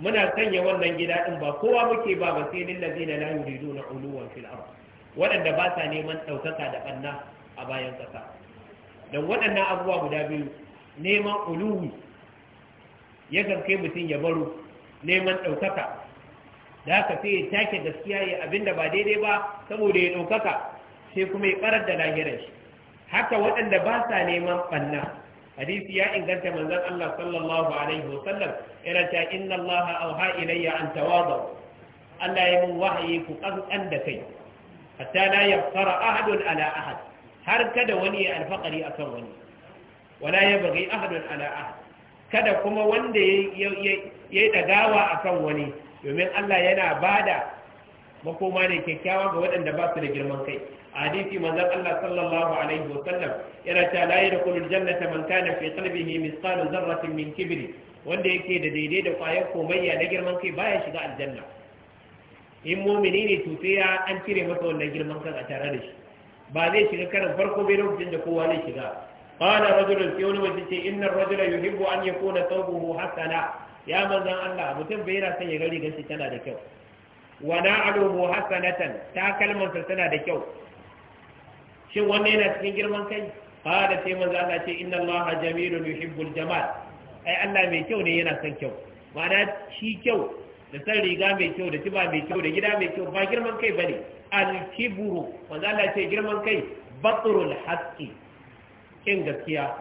muna sanya wannan gida din ba kowa muke ba ba sai lillazi na la yuridu na uluwan fil ardh waɗanda ba sa neman ɗaukaka da ɓanna a bayan ƙasa don waɗannan abubuwa guda biyu neman uluwi yakan kai mutum ya baro neman ɗaukaka da haka sai ya take gaskiya ya abinda ba daidai ba saboda ya ɗaukaka sai kuma ya ɓarar da lahirar shi haka waɗanda ba sa neman ɓanna hadisi ya inganta manzon Allah sallallahu alaihi wasallam yana ta inna Allah auha ilayya an tawadu Allah ya mun wahayi ku ƙanƙan da kai hatta la fara, ahadun ala ahad har kada wani ya alfakari akan wani wala ya ahadun ala ahad kada kuma wanda ya yi dagawa akan wani domin Allah yana bada makoma ne kyakkyawa ga waɗanda ba su da girman kai a hadisi manzon Allah sallallahu alaihi wa yana ta la yadkhulul jannata man kana fi qalbihi mithqalu dharratin min kibri wanda yake da daidai da kwayar komayya na girman kai baya shiga aljanna in mumini ne to ya an cire masa wannan girman kan a tare da shi ba zai shiga karin farko bai lokacin da kowa zai shiga qala rajulun sai wani mutum ce inna ar-rajula yuhibbu an yakuna thawbuhu hasana ya manzon Allah mutum bai yana son ya gari rigar tana da kyau wa na'aluhu hasanatan ta kalmar sa tana da kyau shin wannan yana cikin girman kai qala sai manzon Allah ce inna Allah jamilun yuhibbul jamal ai Allah mai kyau ne yana son kyau ma'ana shi kyau da san riga mai kyau da tiba mai kyau da gida mai kyau ba girman kai bane al-kibru wanda Allah ce girman kai batrul haqqi kin gaskiya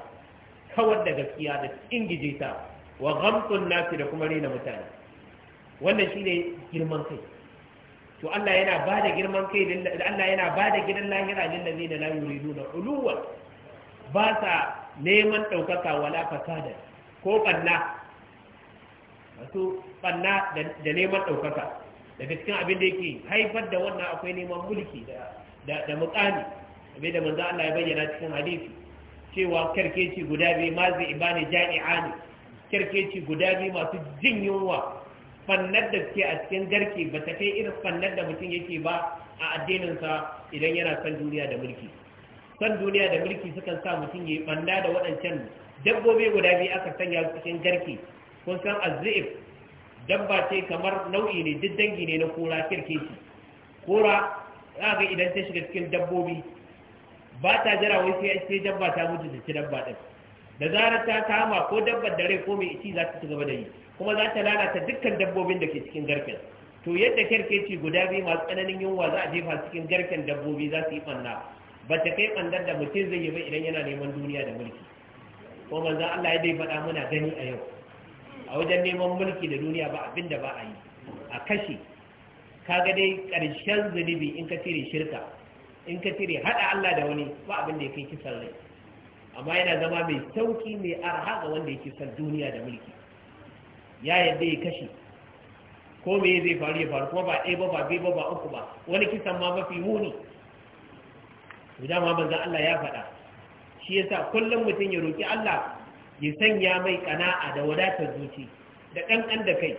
kawar da gaskiya da ingije ta wa ghamtun nasi da kuma rena mutane wannan shine girman kai to Allah yana ba da girman kai Allah yana bada da gidan lahira lil ladina la yuriduna uluwa ba sa neman daukaka wala fasada ko banna wato banna da neman ɗaukaka daga cikin abin da yake haifar da wannan akwai neman mulki da mukami abin da manzo Allah ya bayyana cikin hadisi cewa karkeci guda biyu zai ibani ja'i'a ne karkeci guda biyu masu jin yunwa fannar da suke a cikin garke ba ta kai irin fannar da mutum yake ba a addininsa idan yana son duniya da mulki San duniya da mulki sukan sa mutum ya yi da waɗancan dabbobi guda biyu aka sanya su cikin garke kun san azzi'if dabba ce kamar nau'i ne duk dangi ne na kora kirkeci kora za ga idan ta shiga cikin dabbobi ba ta jira wai sai ce dabba ta mutu ta ci dabba din da zarar ta kama ko dabbar da rai ko mai ci za ta ci da yi kuma za ta lalata dukkan dabbobin da ke cikin garken to yadda kirkeci guda biyu masu tsananin yunwa za a jefa cikin garken dabbobi za su yi banna ba ta kai ɓannar da mutum zai yi ba idan yana neman duniya da mulki ko manzan Allah ya dai faɗa muna gani a yau a wajen neman mulki da duniya ba abin da ba a yi a kashe kaga dai ƙarshen zunubi in ka cire shirka in ka cire haɗa Allah da wani ba abin da ya kai kisan rai amma yana zama mai sauki mai arha ga wanda ya kisan duniya da mulki ya yadda ya kashe ko me zai faru ya faru kuma ba ɗaya ba ba ba ba uku ba wani kisan ma mafi muni to dama manzon Allah ya faɗa shi yasa kullum mutum ya roki Allah ya sanya mai kana'a da wadatar zuci da ƙanƙan da kai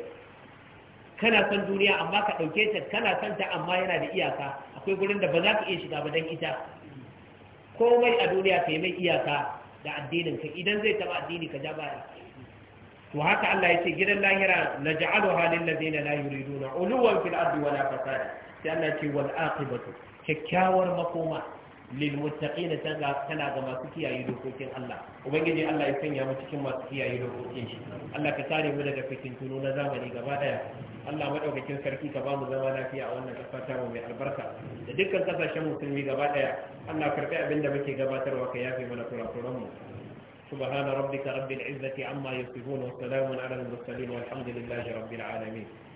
kana son duniya amma ka ɗauke ta kana son ta amma yana da iyaka akwai gurin da ba za ka iya shiga ba don ita komai a duniya ka yi mai iyaka da addinin ka idan zai taɓa addini ka ja baya to haka Allah ya ce gidan lahira na ja'alu halin layu la yuriduna uluwan fil'adu ardi wala sai Allah ya ce wal kyakkyawar makoma lilmuttaqina tana ga masu kiyaye dokokin Allah ubangiji Allah ya sanya mu cikin masu kiyaye dokokin shi Allah ka tare mu daga fitintunu na zamani gaba daya Allah maɗaukacin sarki ka bamu mu zama lafiya a wannan kafa ta mai albarka da dukkan kasashen musulmi gaba daya Allah karbi abin da muke gabatarwa ka yafe mana kurakuran mu سبحان ربك رب العزة عما يصفون وسلام على المرسلين والحمد لله رب العالمين